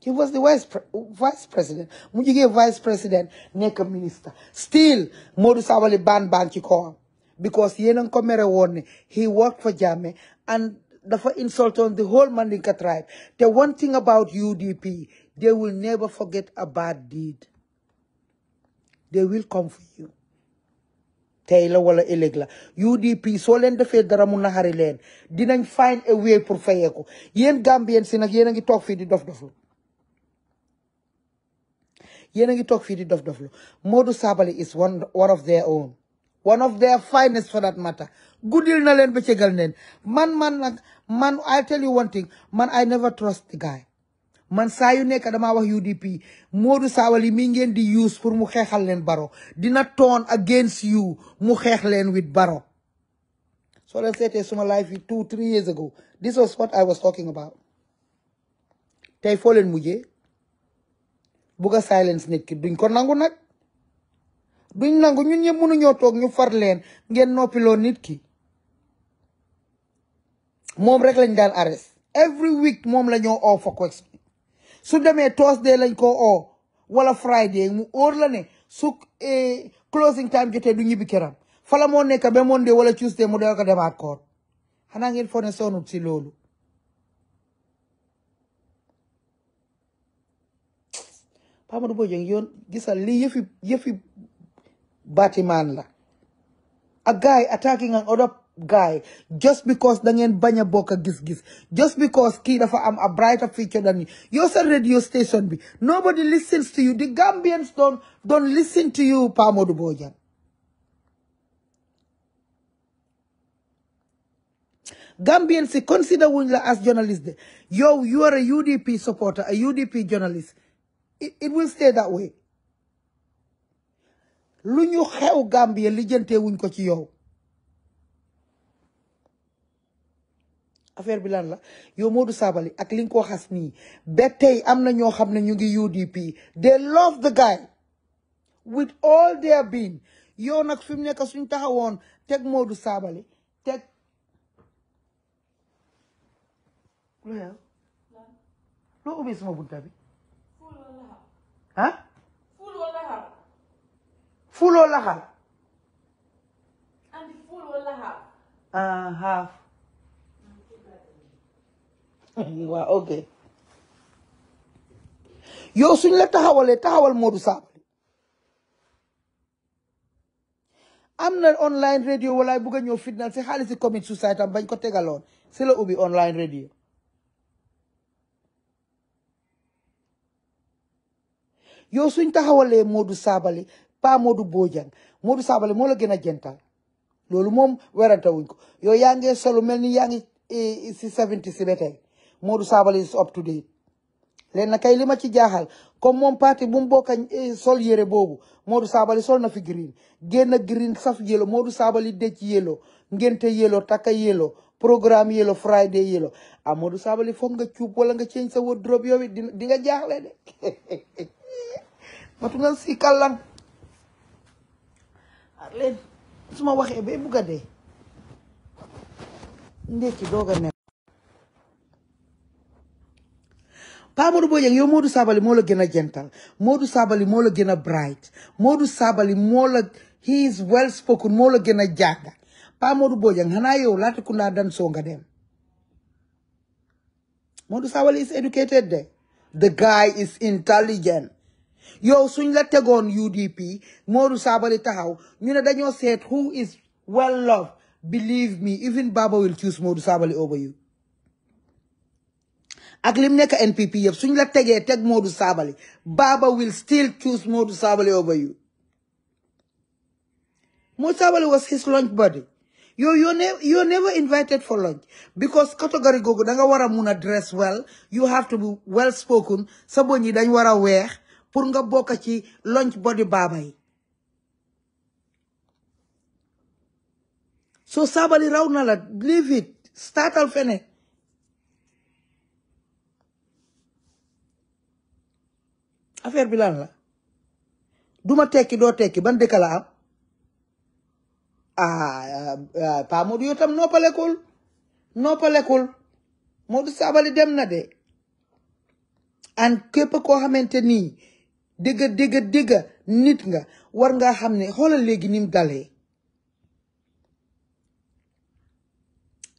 he was the vice, pre vice president. Mujige vice president, neka minister. Still, Modu Sabali ban ban chikoa. Because Yenan Komere he worked for Jame and dafa insult on the whole Mandinka tribe the one thing about UDP they will never forget a bad deed they will come for you tey wala ëllëg UDP soo leen defee dara mu naxari dinañ find a way pour fayee Yen yéen Gambien si nag talk a di dof doflu yéen a ngi di dof doflu Modu Sabally is one one of their own one of their finest for that matter guddil na leen bëccëgal neen man man man I tell you one thing man I never trust the guy man saa yu nekk damaa wax UDP Modou sa mi ngeen di use pour mu xeexal leen Barrow dina turn against you mu xeex leen with Barrow soo leen seetee suma life two three years ago this was what I was talking about tey foo leen Buka bugg silence nit ki duñ ko nangu nag duñ nangu ñun ñëpp mënuñoo toog ñu far leen ngeen noppiloo nit ki moom rek lañ daan arrest every week moom la ñoo oo fokk bi su demee Tuesday lañ ko oo wala Friday mu óor la ne su eh, closing time jotee du ñibbi këram fala moo nekk Monday wala Tuesday mu doy ko demaat koor xanaa ngeen foog ne si loolu Pamadou Bojang yoon gisal lii yëfi Batiman la a guy attacking another guy just because da ngeen boka a bokk gis-gis just because kii dafa am a brighter feature than you You sa radio station bi nobody listens to you the Gambians don't don't listen to you Pa Modou Gambians consider wuñ la as journalist yo you are a UDP supporter a UDP journalist it will stay that way lu ñu xew Gambia lijjantee wuñ ko ci yow affaire bi lan la yow Modou Sabally ak liñ ko xas nii ba am na ñoo xam ne ñu ngi UDP they love the guy with all their being yow nag fi mu nekk suñ taxawoon teg Modou saabali teg lu loo ubbi sama bunta bi Full or ah, half? And the full suñ la taxawalee taxawal Modou Sabally am na online radio walaay bugg a ñëw fitnal si xaalis si commune society am bañ ko tegaloon si la ubbi online radio yow suñ taxawale Modou Sabally pas Modou Bojang Modou Sabally moo la gën a jëntal loolu moom werante wuñ ko yow yaa ngi solu mel ni yaa eh, si 70 si ba tey Modou Sabally is up to li ma ci jaaxal comme moom parti bu mu bokk eh, yére boobu Modou Sabally sol na fi green génn green saf yélo Modou Sabally dëcc yélo ngente yélo takka yélo programme yélo friday yélo ah Modou Sabally foog nga cuub wala nga change sa wardrobe yow it di nga jaaxle de [laughs] matu nga kallan Arlen, semua wak EBE buka deh. Ini ki doga ne. Pamodu Bojang yo modu Sabali mola gena gentle modu Sabali mola gena bright modu Sabali mola he is well spoken mola gena jaga. a jàng yang Bojang xanaa kuna dan songa dem Modu Sabali is educated deh, the guy is intelligent also suñ la tegon UDP Modou Sabali taxaw ñu ne dañoo seet who is well loved believe me even Baba will choose Modou Sabali over you ak lim nekk NPP yëpp suñ la tegee teg Modou Sabally Baba will still choose Modou Sabali over you Modou Sabali was his lunch buddy you you never you never invited for lunch because category googu da nga war a dress well you have to be well spoken sa boñ yi dañ war a pour nga bokk ci lunch body baaba yi soo sabali raw na la leave it startal fene affaire bi la duma tekki doo tekki ban dëkk la am ah, ah Pa Modou yow tam noppalekul noppalekul Modou Sabally dem na de an képp koo xamante nii Digga digga digga nit nga war nga xam ne xoolal léegi ni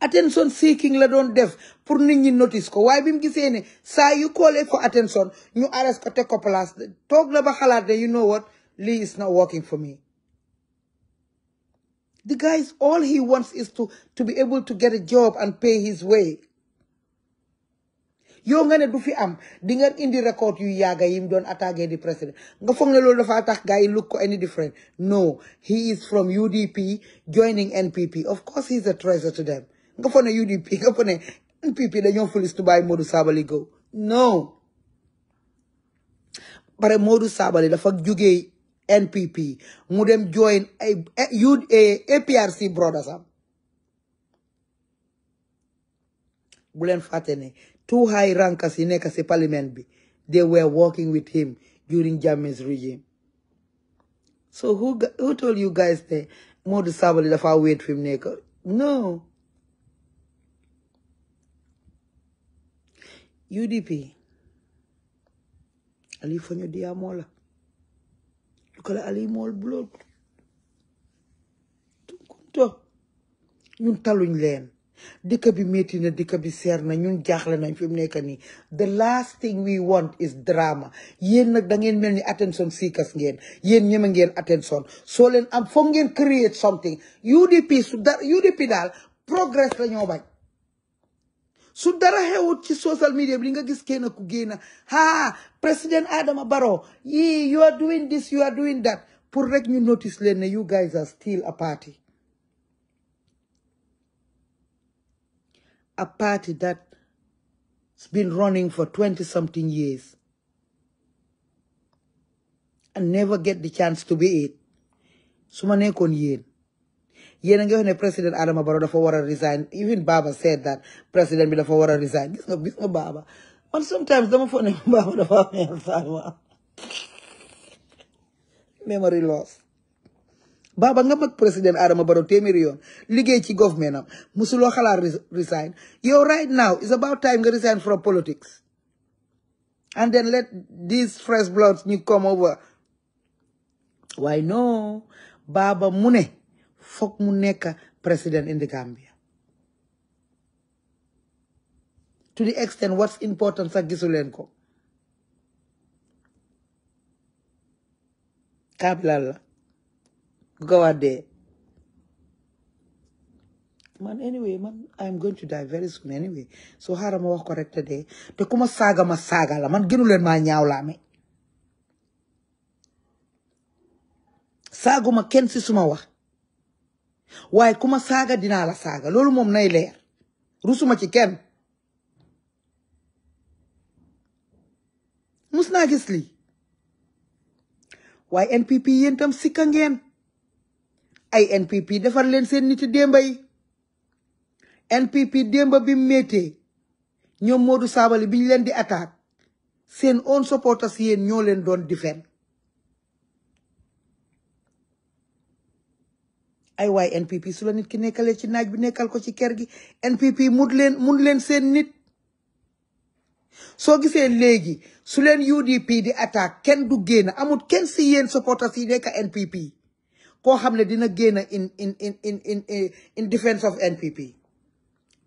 attention seeking la doon def pour nit ñi notice ko Why bi mu gisee ne saa yu koolee for attention ñu arrest ko teg ko place toog na ba xalaat ne you know what Lee is not working for me the guy's all he wants is to to be able to get a job and pay his way yow nga ne du fi am di nga indi record yu yàgga yim doon attaqué di président nga foog ne loolu dafa tax gars yi look ko any different no he is from UDP joining NPP of course he is a treasure to them nga foog ne UDP nga foog ne NPP dañoo fulis to bàyyi Modou Sabally go no pare Modou Sabally dafa jógee NPP mu dem join ay eh, eh, APRC brothers am bu leen fàtte ne two high rankers in nekk parliament they were working with him during Jammeh's regime so who who told you guys that Modou Sabally dafa far wait from nekk no UDP ali fanyo dia mola lukala ali mol blood tunkunto ñun taluñ leen dëkk bi métti na dëkk bi seer na ñun jaaxle nañ fi nekk nii the last thing we want is drama yéen nag da ngeen mel ni attention seekers ngeen yéen ñeme ngeen attention So leen am foog ngeen create something UDP su dara UDP daal progress la ñoo bañ su dara xewut ci social media bi nga gis kenn ku génn ah président Adama Baro. Yi, you are doing this you are doing that pour rek ñu notice leen ne you guys are still a party. a party that's been running for 20 something years and never get the chance to be it. So ma nekkoon yéen yéen a président Adama Barrow dafa war resign even Baba said that président bi dafa war a resign this nga gis Baba But sometimes dama foog ne [laughs] Baba dafa [laughs] memory loss baaba nga mag président Adama Barrow téeméeri yoon liggéey ci government am musuloo xalaat resign yow right now is about time nga resign from politics and then let these fresh bloods ñu come over waaye no baaba mu ne foog mu nekk president in the Gambia to the extent what's important sax gisu ko kaab la bu ko wax dee man anyway man I'm going to die very soon anyway so xaaral ma wax ko rek te dee te ku ma saaga ma saaga la man gënu leen maa ñaaw laa amee saaguma kenn si suma wax waaye ku ma saaga dinaa la saaga loolu moom nay leer rusuma ci ken mus naa gis lii waaye NPP yéen tam sikka ngeen ay NPP defar leen seen niti démba yi NPP démba bi méttee ñoom Modou Sabali bi ñu leen di attaque seen own supporters yéen ñoo leen doon difen ay waay NPP su la nit ki nekkalee ci naaj bi nekkal ko ci ker gi NPP mun leen mun leen seen nit soo gisee léegi su leen UDP di attaque kenn du génn amut kenn si yéen supporters yi nekk NPP Ko xam dina génn in in in in in in defense of NPP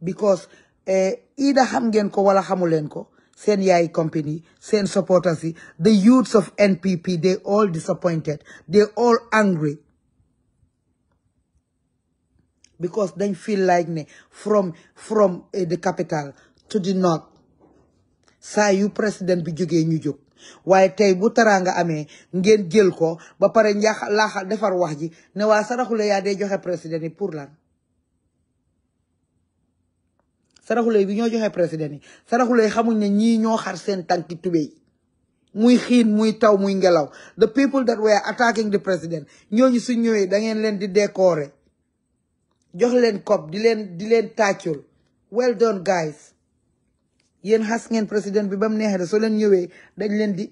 because eh, ida xam ngeen ko wala xamu ko yaay company seen supporters the youths of NPP they all disappointed they all angry because they feel like ne from from eh, the capital to the north saa yu président bi jógee ñu jóg waaye tey bu teraanga amee ngeen jël ko ba pare njaax laaxal defar wax ji ne waa saraxule yaa dee joxe président yi pour lan saraxule bi ñoo joxe président yi saraxule yi xamuñ ne ñii ñoo xar seen tànki tubéy muy xiin muy taw muy ngelaw the people that were attacking the president ñooñu su ñëwee da ngeen leen di décorer jox leen cop di leen di leen tàccul well done guys yéen ngeen président bi ba mu neexee soo leen ñëwee dañ di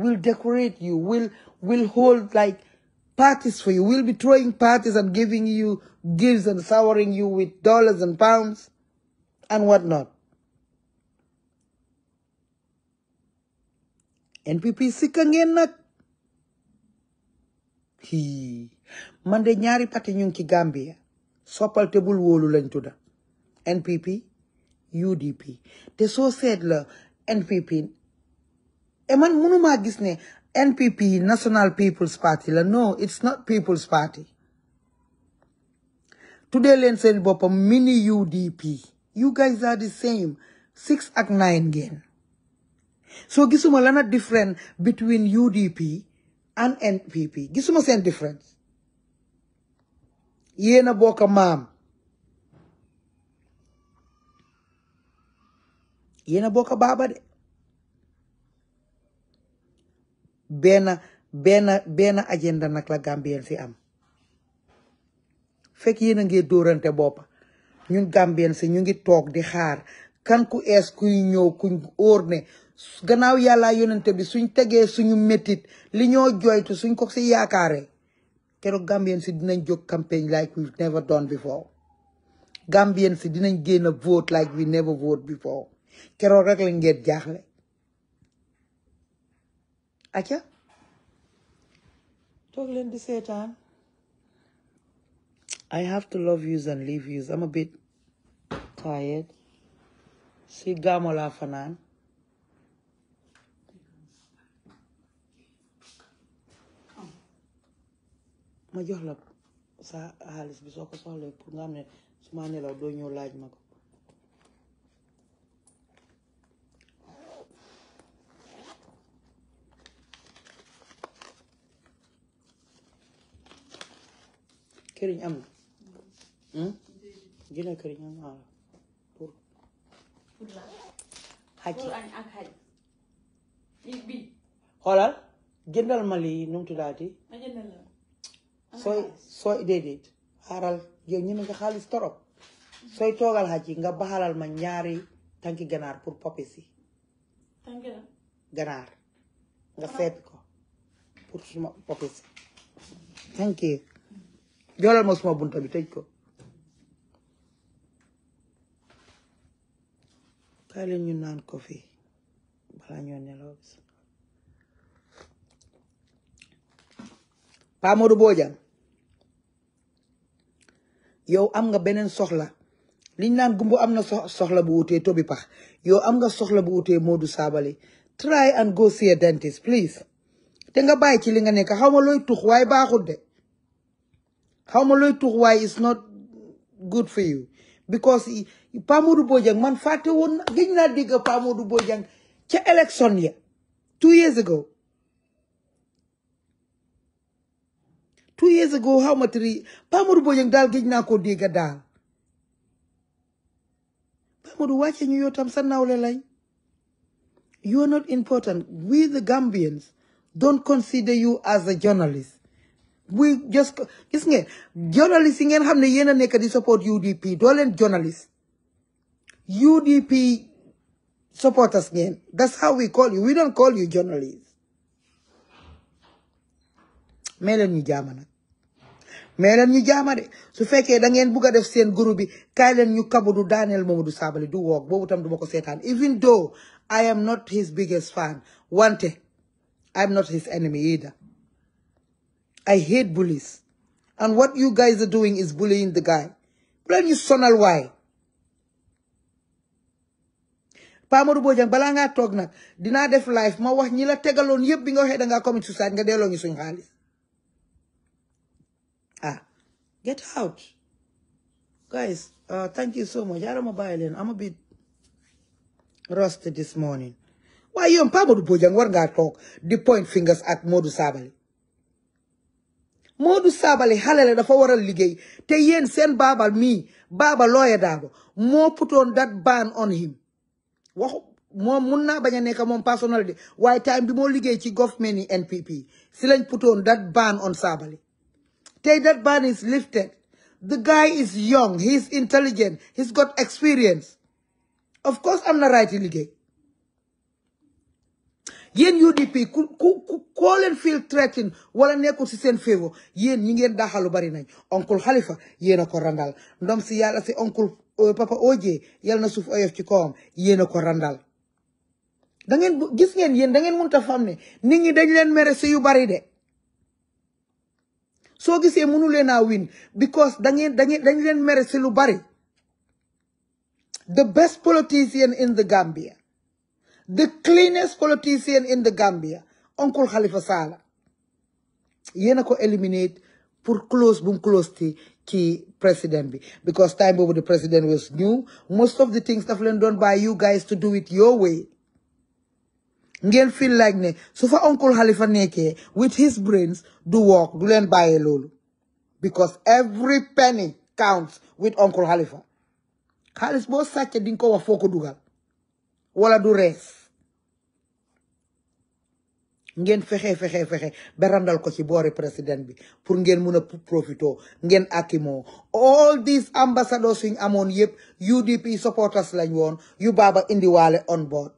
will decorate you will will hold like parties for you will be throwing parties and giving you gifts and showering you with dollars and pounds and whatnot. NPP sikka ngeen nag hii man de ñaari parti ñu ngi Gambia soppal te bul lañ NPP UDP te said seetloo NPP e man mënumaa gis ne NPP National People's Party la no it's not People's Party tuddee leen seen boppam mini UDP you guys are the same six ak nine ngeen so gisuma lana between UDP and NPP gisuma seen difference Yena boka mam. yéen a bokk baaba de benn benn agenda nag la gambien si am fekk yéen a ngi dóorante bopp ñun gambien si ñu ngi toog di xaar kan ku ees kuy ñëw kuñ óor ne gannaaw yàlla yonente bi suñ tegee suñu métit li ñoo joytu suñ ko si yaakaare keroog gambien si dinañ jóg campagne like we've never done before gambien si dinañ génn vote like we never vote before rek ngeen acca di I have to love yous and leave yous I'm a bit tired si gaamo laa fanaan ma jox la sa xaalis bi soo ko pour nga xam ne nelaw laaj kering am hmm ginaar kering am na ah, pour xaj yi xoolal jëndal ma lii nu mu tuddaati ah, sooy sooy dedet haral yow ñu nga xaliss torop soy togal haji nga bahalal ma ñaari tanki ganar pour poppi si Ganar. nga seet ko pour suma popé si thank you yoolal ma suma bunta bi tej ko kaay ñu naan ko fi bala ñu nelaw bis Paa Modou Bojang yow am nga benen soxla liñ naan gumbu am na soxla bu wuté tobi pax yow am nga soxla bu wuté Modou sabali try and go see a dentist please te nga bay ci li nga nek xawma loy tukh way de xawma tux waay is not good for you because Pa Modou Bojang man fàtte won na gëj naa dégg Bojang ca élection ya two years ago two years ago how ma three Pa Bojang dal gëj naa koo dal. daal Pa Modou wàcce ñu yow tam sa nawle lañ you are not important we the Gambians don't consider you as a journalist we just is ngeen journalist yi ngeen xam ne yéen a di support UDP doo leen journalist UDP supporters ngeen that's how we call you we don't call you journalist mais leen ñu jaama nag mais leen ñu jaama de su fekkee da ngeen bugg a def seen groupe bi kaay leen ñu du daaneel du woog boobu tam du ko even though I am not his biggest fan wante I am not his enemy either I hate bullies. And what you guys are doing is bullying the guy. Blame you sonal why. Pamadou Bojang balaa ngaa toog nag dinaa def live ma wax ñi la tegaloon bi nga waxee dangaa commit suicide nga delloo ñu suñ xaalis ah get out guys uh, thank you so much yaara ma bàyyi i am a bit rusty this morning why you Pamadou Bojang war ngaa toog di point fingers at Modou sabali modu Sabally xale la dafa war a liggéey te yéen seen baaba mii baaba looya daago moo putoon that ban on him waxu moom mun naa bañ a nekk personnalité waaye time bi moo liggéey ci government NPP si lañ on that ban on Sabali. tey that ban is lifted the guy is young He's intelligent he's got experience of course i am not right liggéey yéen UDP ku ku ku koo leen wala nekkul si seen favor yéen ñi ngeen lu bari nañ oncle Khalifa yéen a ko randal ndom si yàlla si oncle euh, papa Oje yàlla na suuf oyof ci kawam yéen a ko randal. da ngeen gis ngeen yéen dangeen ngeen mënut a xam ne nit dañ leen mere yu bari de soo gisee mënu leen a win because da ngeen da ngeen dañ leen mere si lu bari. the best politician in the Gambia. the cleanest politician in the Gambia Uncle Khalifa Sala. yéen ko eliminate pour close bu close ti ci president bi because time over the president was new most of the things have been done by you guys to do it your way ngeen feel like ne so for Uncle Khalifa neke, with his brains do work do leen bàyyee loolu because every penny counts with Uncle Khalifa Khalifa boo such a dinko ko wax foo dugal wala du rees ngeen fexe fexe fexe ba ko ci boori président bi pour ngeen mun a profito ngeen akimoo all these ambassadors yuñ amoon yëpp UDP supporters lañ woon yu baaba indiwaale on board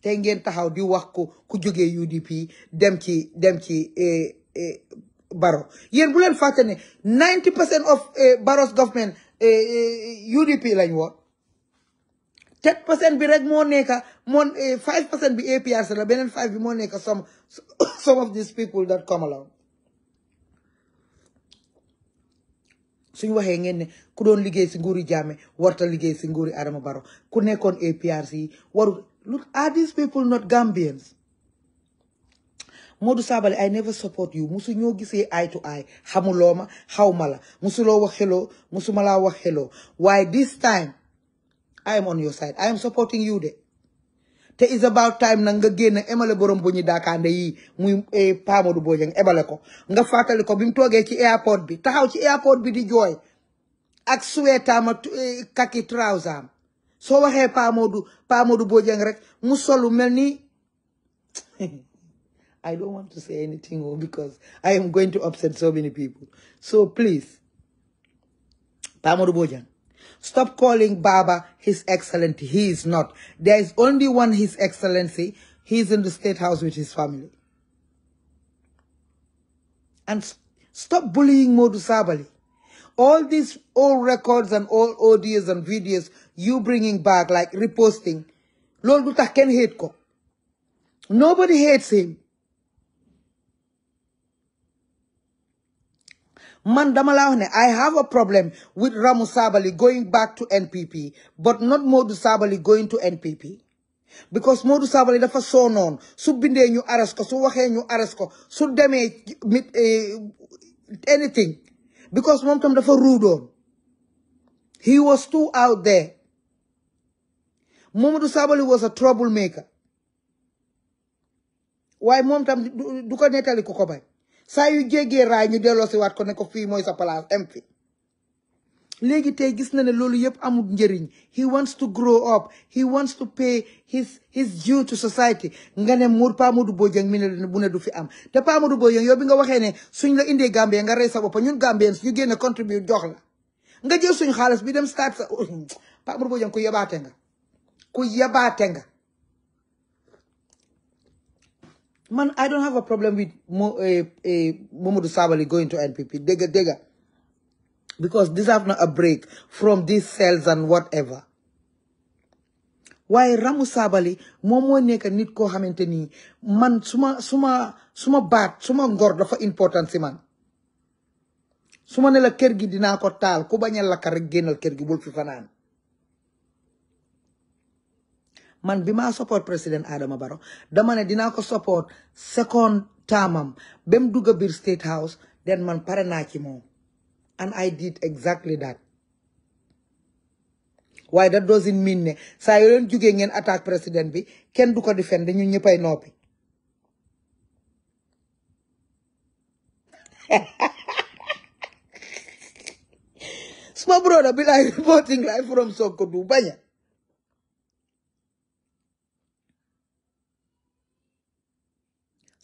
te ngeen taxaw di wax ko ku jógee UDP dem ci dem ci eh, eh, Barrow yéen bu leen fàtte ne 90 percent of eh, Barrow's government UDP lañ woon ten percent bi rek moo nekka moon eh, five bi APRC la beneen five bi moo nekk some [coughs] some of these people that come along suñ waxee ngeen ne ku doon liggéey si nguuri Jammeh warta liggéey si nguuri Adama Barrow ku nekkoon APRC yi warul these people not Gambians Modou Sabally I never support you musu ñoo gisee eye to eye xamuloo ma xaw ma la musuloo wax hello musu ma laa wax hello waaye this time I am on your side I am supporting you de te is about time nag nga génn emale borom bu ñu daakaande yi muy Pamadou Bojang ebale ko nga fàttali ko bi mu ci airport bi taxaw ci airport bi di jooy ak suweetaama kaki trousers so waxee Pamadou Pamadou Bojang rek mu solu mel [laughs] I don't want to say anything because I am going to upset so many people so please Pamadou Bojang Stop calling Baba His Excellency. He is not. There is only one His Excellency. He is in the State House with his family. And st stop bullying Modu Sabali. All these old records and old audios and videos you bringing back, like reposting, Lord Ken hate ko. Nobody hates him. man dama laa wax ne I have a problem with ramu sabali going back to NPP but not Modou Sabali going to NPP because Modou Sabali dafa soonoon su bindee ñu arrest ko su waxee ñu arrest ko su eh, anything because moom tam dafa ruudoon he was too out there Momodou Sabali was a troublemaker Why moom tam du ko nettali ko bay saa yu jéggee raay ñu delloosi waat ko ne ko fii mooy sa place am léegi tey gis na ne loolu yëpp amul njëriñ he wants to grow up he wants to pay his his due to society nga ne mu Pa Modou Bojang mi ne bu ne du fi am te Pa Modou Bojang yow bi nga waxee ne suñ la indee Gambie nga rey sa bopp ñun Gambien suñu génne contribute jox la nga jël suñ xaalis bi dem start sa [laughs] Pa Modou Bojang ku yabaate nga ku yabaate nga man, I don't have a problem with Mo, uh, eh, uh, eh, Momodu Sabali going to NPP. Dega, dega. Because have not a break from these cells and whatever. Why ramu sabali mumu neka nitko hamenteni man suma suma suma Bat, suma ngor dafa important man suma ma kergi la kër kubanya dinaa ko taal man bi ma support président Adama Barrow dama ne dinaa ko support second termam ba dugga dugg biir state house den man pare naa ci moom and I did exactly that waaye that doesn't mean ne saa yoo leen jógee ngeen attaque président bi kenn du ko defend ñu ñëppay noppi [laughs] suma brother bi laay [laughs] reporting live from Sokoto baña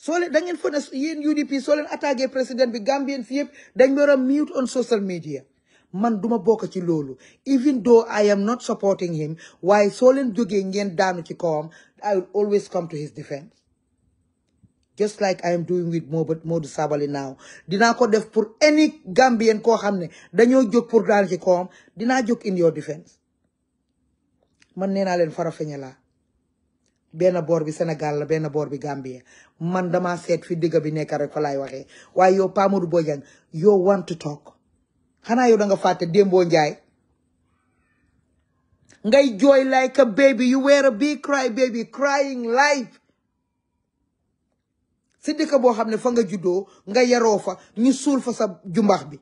soo leen da yéen UDP soo leen attaqué président bi Gambien fi yëpp dañ war a mute on social media man duma bokk ci loolu even though I am not supporting him waaye soo leen jógee ngeen daanu ci kawam I will always come to his defense just like I am doing with Modou Sabally now dinaa ko def pour any Gambien koo xam ne dañoo jóg pour daanu ci kawam dinaa jog in your defense man nee naa leen fara feñe laa Bena Borbi bi senegal la ben bor bi Gambia man dama set fi diga bi wae rek fa laay waxee yo Bojang yo want to talk xana yo da nga faté Dembo joy ngay joy like a baby you wear a big cry baby crying life sidika bo xamne ne fa nga juddo nga yaro fa ñu sul fa sa jumbax bi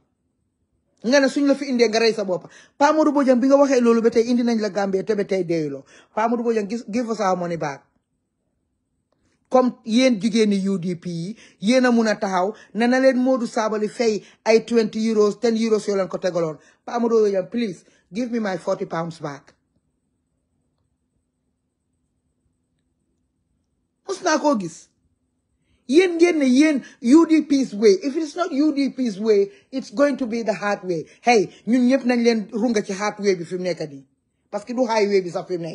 nga ne suñ la fi indee nga rey sa bopp Pa Modou Bojang bi nga waxee loolu ba tey indi nañ la Gambie te ba tey deeyuloo Pa Modou Bojang gis give us our money back comme yéen jigéeni UDP yi yéen a mun a taxaw ne na leen Modou Sabally fay ay 20 euros 10 euros yoo leen ko tegaloon Pa Modou Bojang please give me my 40 pounds back. mus naa koo gis. Yin, yin, yin, UDP's way. If it's not UDP's way, it's going to be the hard way. Hey, ñun ñëpp nañ leen runga ci hard way bi fi mu nekk nii parce du highway bi sax fi mu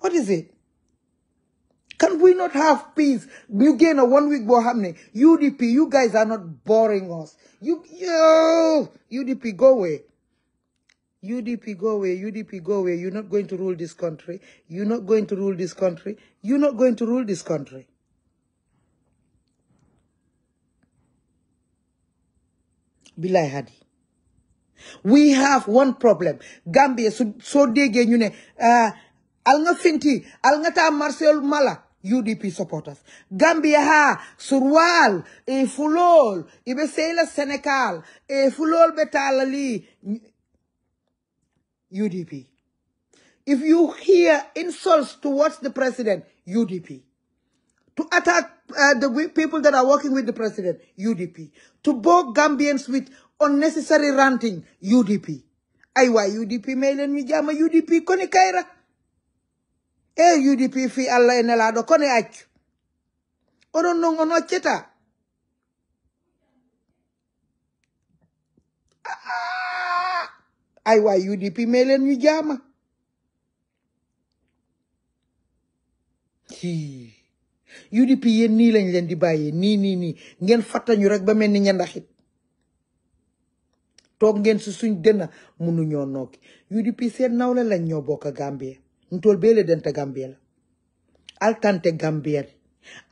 What is it? Can we not have peace? You gain a one week bohamne. UDP, you guys are not boring us. You, yo, UDP, go away. UDP, go away. UDP, go away. You're not going to rule this country. You're not going to rule this country. You're not going to rule this country. bi hadi we have one problem Gambia so soo déggee ñu ne ah, al nga finti al nga Marcel Mala UDP supporters Gambia ha surwal e fulol ibe seyla Senegal e fulol be talali UDP if you hear insults towards the president UDP to attack uh, the people that are working with the president, UDP. To bore Gambians with unnecessary ranting, UDP. Aywa, UDP may leen ñu UDP koni kayra. Eh, UDP fii Allah ene koni accu. Ono non on acceta. Ah! Aywa, UDP may leen UDP yéen nii lañ leen di bàyyee nii nii ni ngeen fàttañu rek ba mel ni ñandaxit toog ngeen si suñ dënna mënuñoo nokki UDP seen nawle lañ ñoo bokk Gambie ntool bee la dente Gambie la altante Gambien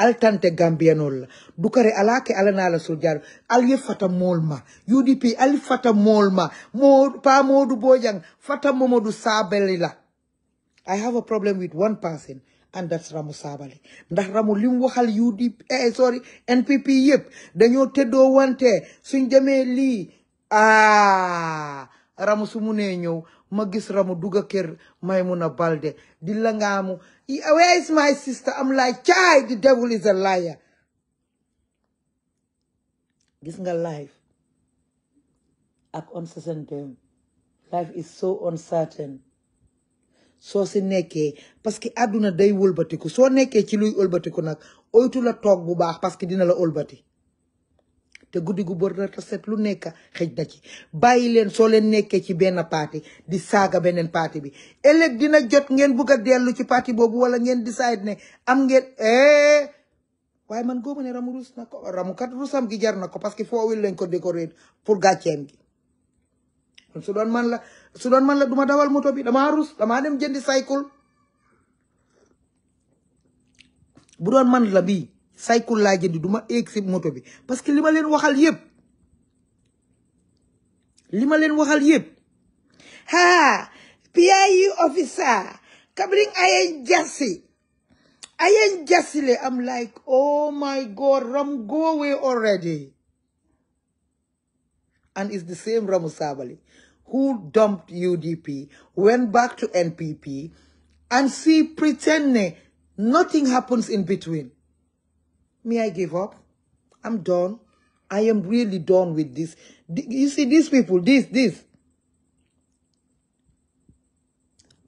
altante Gambienol la dukare alaake ala la soljaaru aliye fata mool ma UDP ali fata mool ma moo pa Bojang fata Momodou Sabally la I have a problem with one person Anda Ramu Sabali ndax Ramu lim waxal UDP eh sorry NPP yep dañu teddo wante suñu demee li ah Ramu sumu ne ñew ma gis Ramu duga ker Maymuna Balde di la where is my sister am lay chai the devil is a liar gis nga life ak on uncertain life is so uncertain soo si nekkee parce que àdduna day wëlbatiku soo nekkee ci luy wëlbatiku nag oytu la toog bu baax parce que dina la wëlbati te guddi gu bër ta set lu nekk xëj na ci bàyyi leen soo leen nekkee ci benn parti di saaga beneen parti bi ëllëg dina jot ngeen bugg a dellu ci parti boobu wala ngeen decide ne am ngeen eh! waaye man góob ne ramu rus na ko ramukat rusam gi jar na ko parce que foo wil lañ ko décorer pour gàcceem gi su doon man la. su doon man la duma dawal moto bi dama rus dama dem jëndi cycle bu don man la bi cycle lagi jëndi duma egg moto bi parce que lima len waxal yeb lima len waxal yeb ha PIU officer kabring ayen jassi ayen le i'm like oh my god ram go away already and it's the same ramu sabali who dumped UDP, went back to NPP, and see pretending nothing happens in between. Me, I give up. I'm done. I am really done with this. You see, these people, this, this.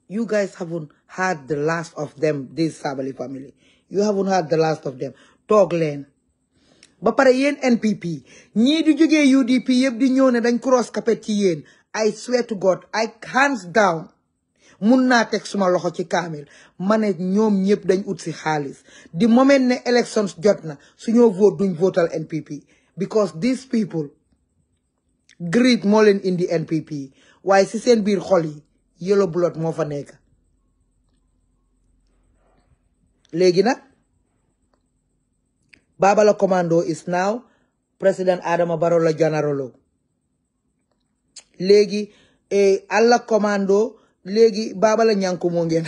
You guys haven't had the last of them, this Sabali family. You haven't had the last of them. Toglen. ba pare yéen NPP ñii di jógee UDP yëpp di ñëw na dañ cross capet ci yéen ay swear got God I hands down mun naa teg suma loxo ci kaamil mane ñoom ñëpp dañ ut si xaalis di moment ne elections jot na suñoo vote duñ votal NPP because these people greed moo leen indi NPP waaye si seen biir xol yi yellow blood moo fa nekk léegi nag lo Commando is now President Adama Barola Janarolo. Legi, eh, Allah Commando, Legi, Babala Nyankumongen.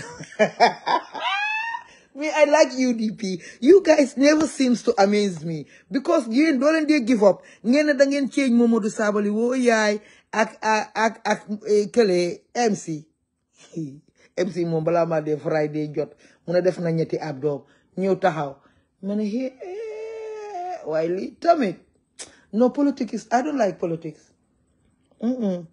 [laughs] me, I like UDP. You guys never seems to amaze me. Because you don't they give up. Ngene dangen change Momodu Sabali, wo yai, ak, ak, ak, ak, eh, kele, MC. [laughs] MC moom ma de Friday jot Muna def na ñetti abdoom ñëw taxaw Muna he. Wiley, tell me, No, politics is, I don't like politics. Mm-mm.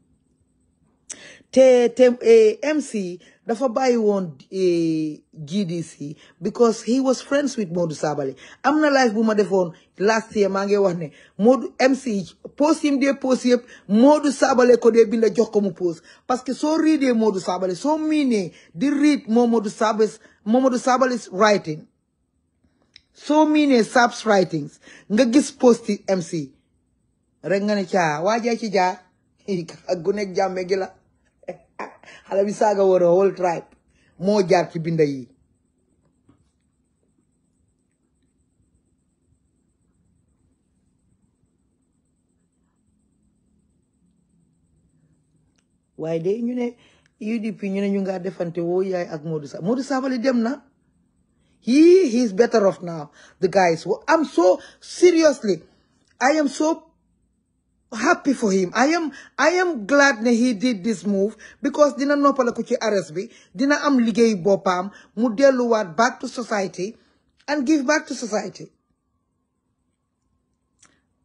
Te, te, eh, MC, dafa bàyyi woon GDC because he was friends with Modu Sabali. i am not like bu ma phone last year Mangi ngi Modu MC post him there. post him. Modu Sabally could dee binda jox ko post Because so read Modu Sabali, so many, they read Momodou Sabes Momodou Sabally's writing soo miinee SAPS writings nga gis posti MC rek nga ne caa waajee ci jaar [laughs] gu nekk jàmme gi la [laughs] xale bi saaga woon a tribe moo jaar ci binda yi waaye de ñu ne UDP ñu ne ñu nga defante woo yaay ak Modou Sa Modou dem na He he's better off now. The guys. I'm so seriously. I am so happy for him. I am I am glad that he did this move because dina noppaleku ci arrest bi, dina am liggéey bopam, mu delluwaat back to society and give back to society.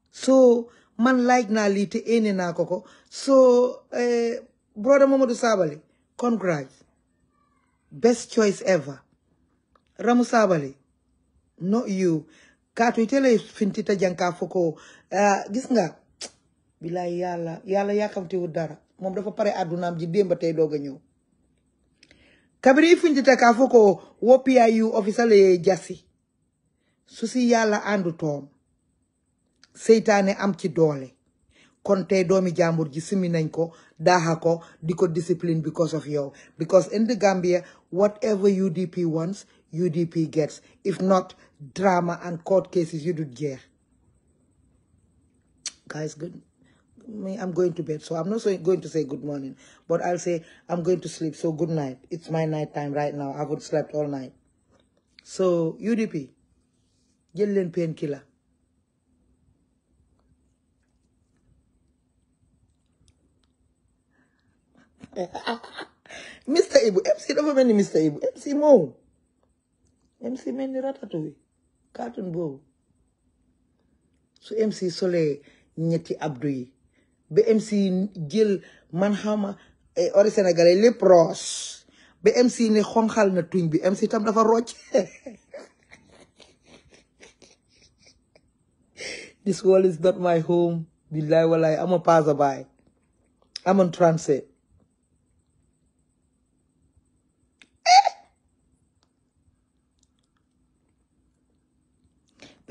So man like na li te ene na koko. So eh, brother Mamadou Sabali, congrats. Best choice ever. ramu saabali no you kaatu itele fintita janka foko ah, gis nga bilaay yàlla yàlla yàkkamtiwul dara moom dafa pare àddunaam ji démb tey doog a ñëw kabiri i ka foko wo PIU official ye jasi su si yàlla àndu toom seytaane am ci doole kon tey doomi jàmbur ji simi nañ ko daaxa discipline because of yow because in Gambia whatever UDP wants UDP gets. If not, drama and court cases you do jeex. Guys, good. Me, I'm going to bed, so I'm not going to say good morning, but I'll say I'm going to sleep, so good night. It's my night time right now. I haven't slept all night. So, UDP, jël leen painkiller. [laughs] Mr. Ibu, MC dafa mel ni Mr. Ibu, MC moom. MC mel ni ratatouille cartoon boobu su MC solee ñetti abdu yi ba MC jël man xawma eh, ori sénégalais lépp roos ba MC ne xonxal na tuñ bi MC tam dafa rocc [laughs] this world is not my home billaay walaay ama paasa baay amoon transit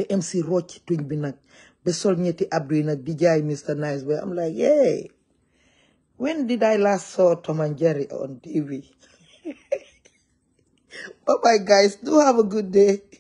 MC Roach tuñ bi nag ba sol ñetti abdu yi di jaay Mr Nice Boy am like hey when did I last saw Tom and Jerry on TV [laughs] bye bye guys do have a good day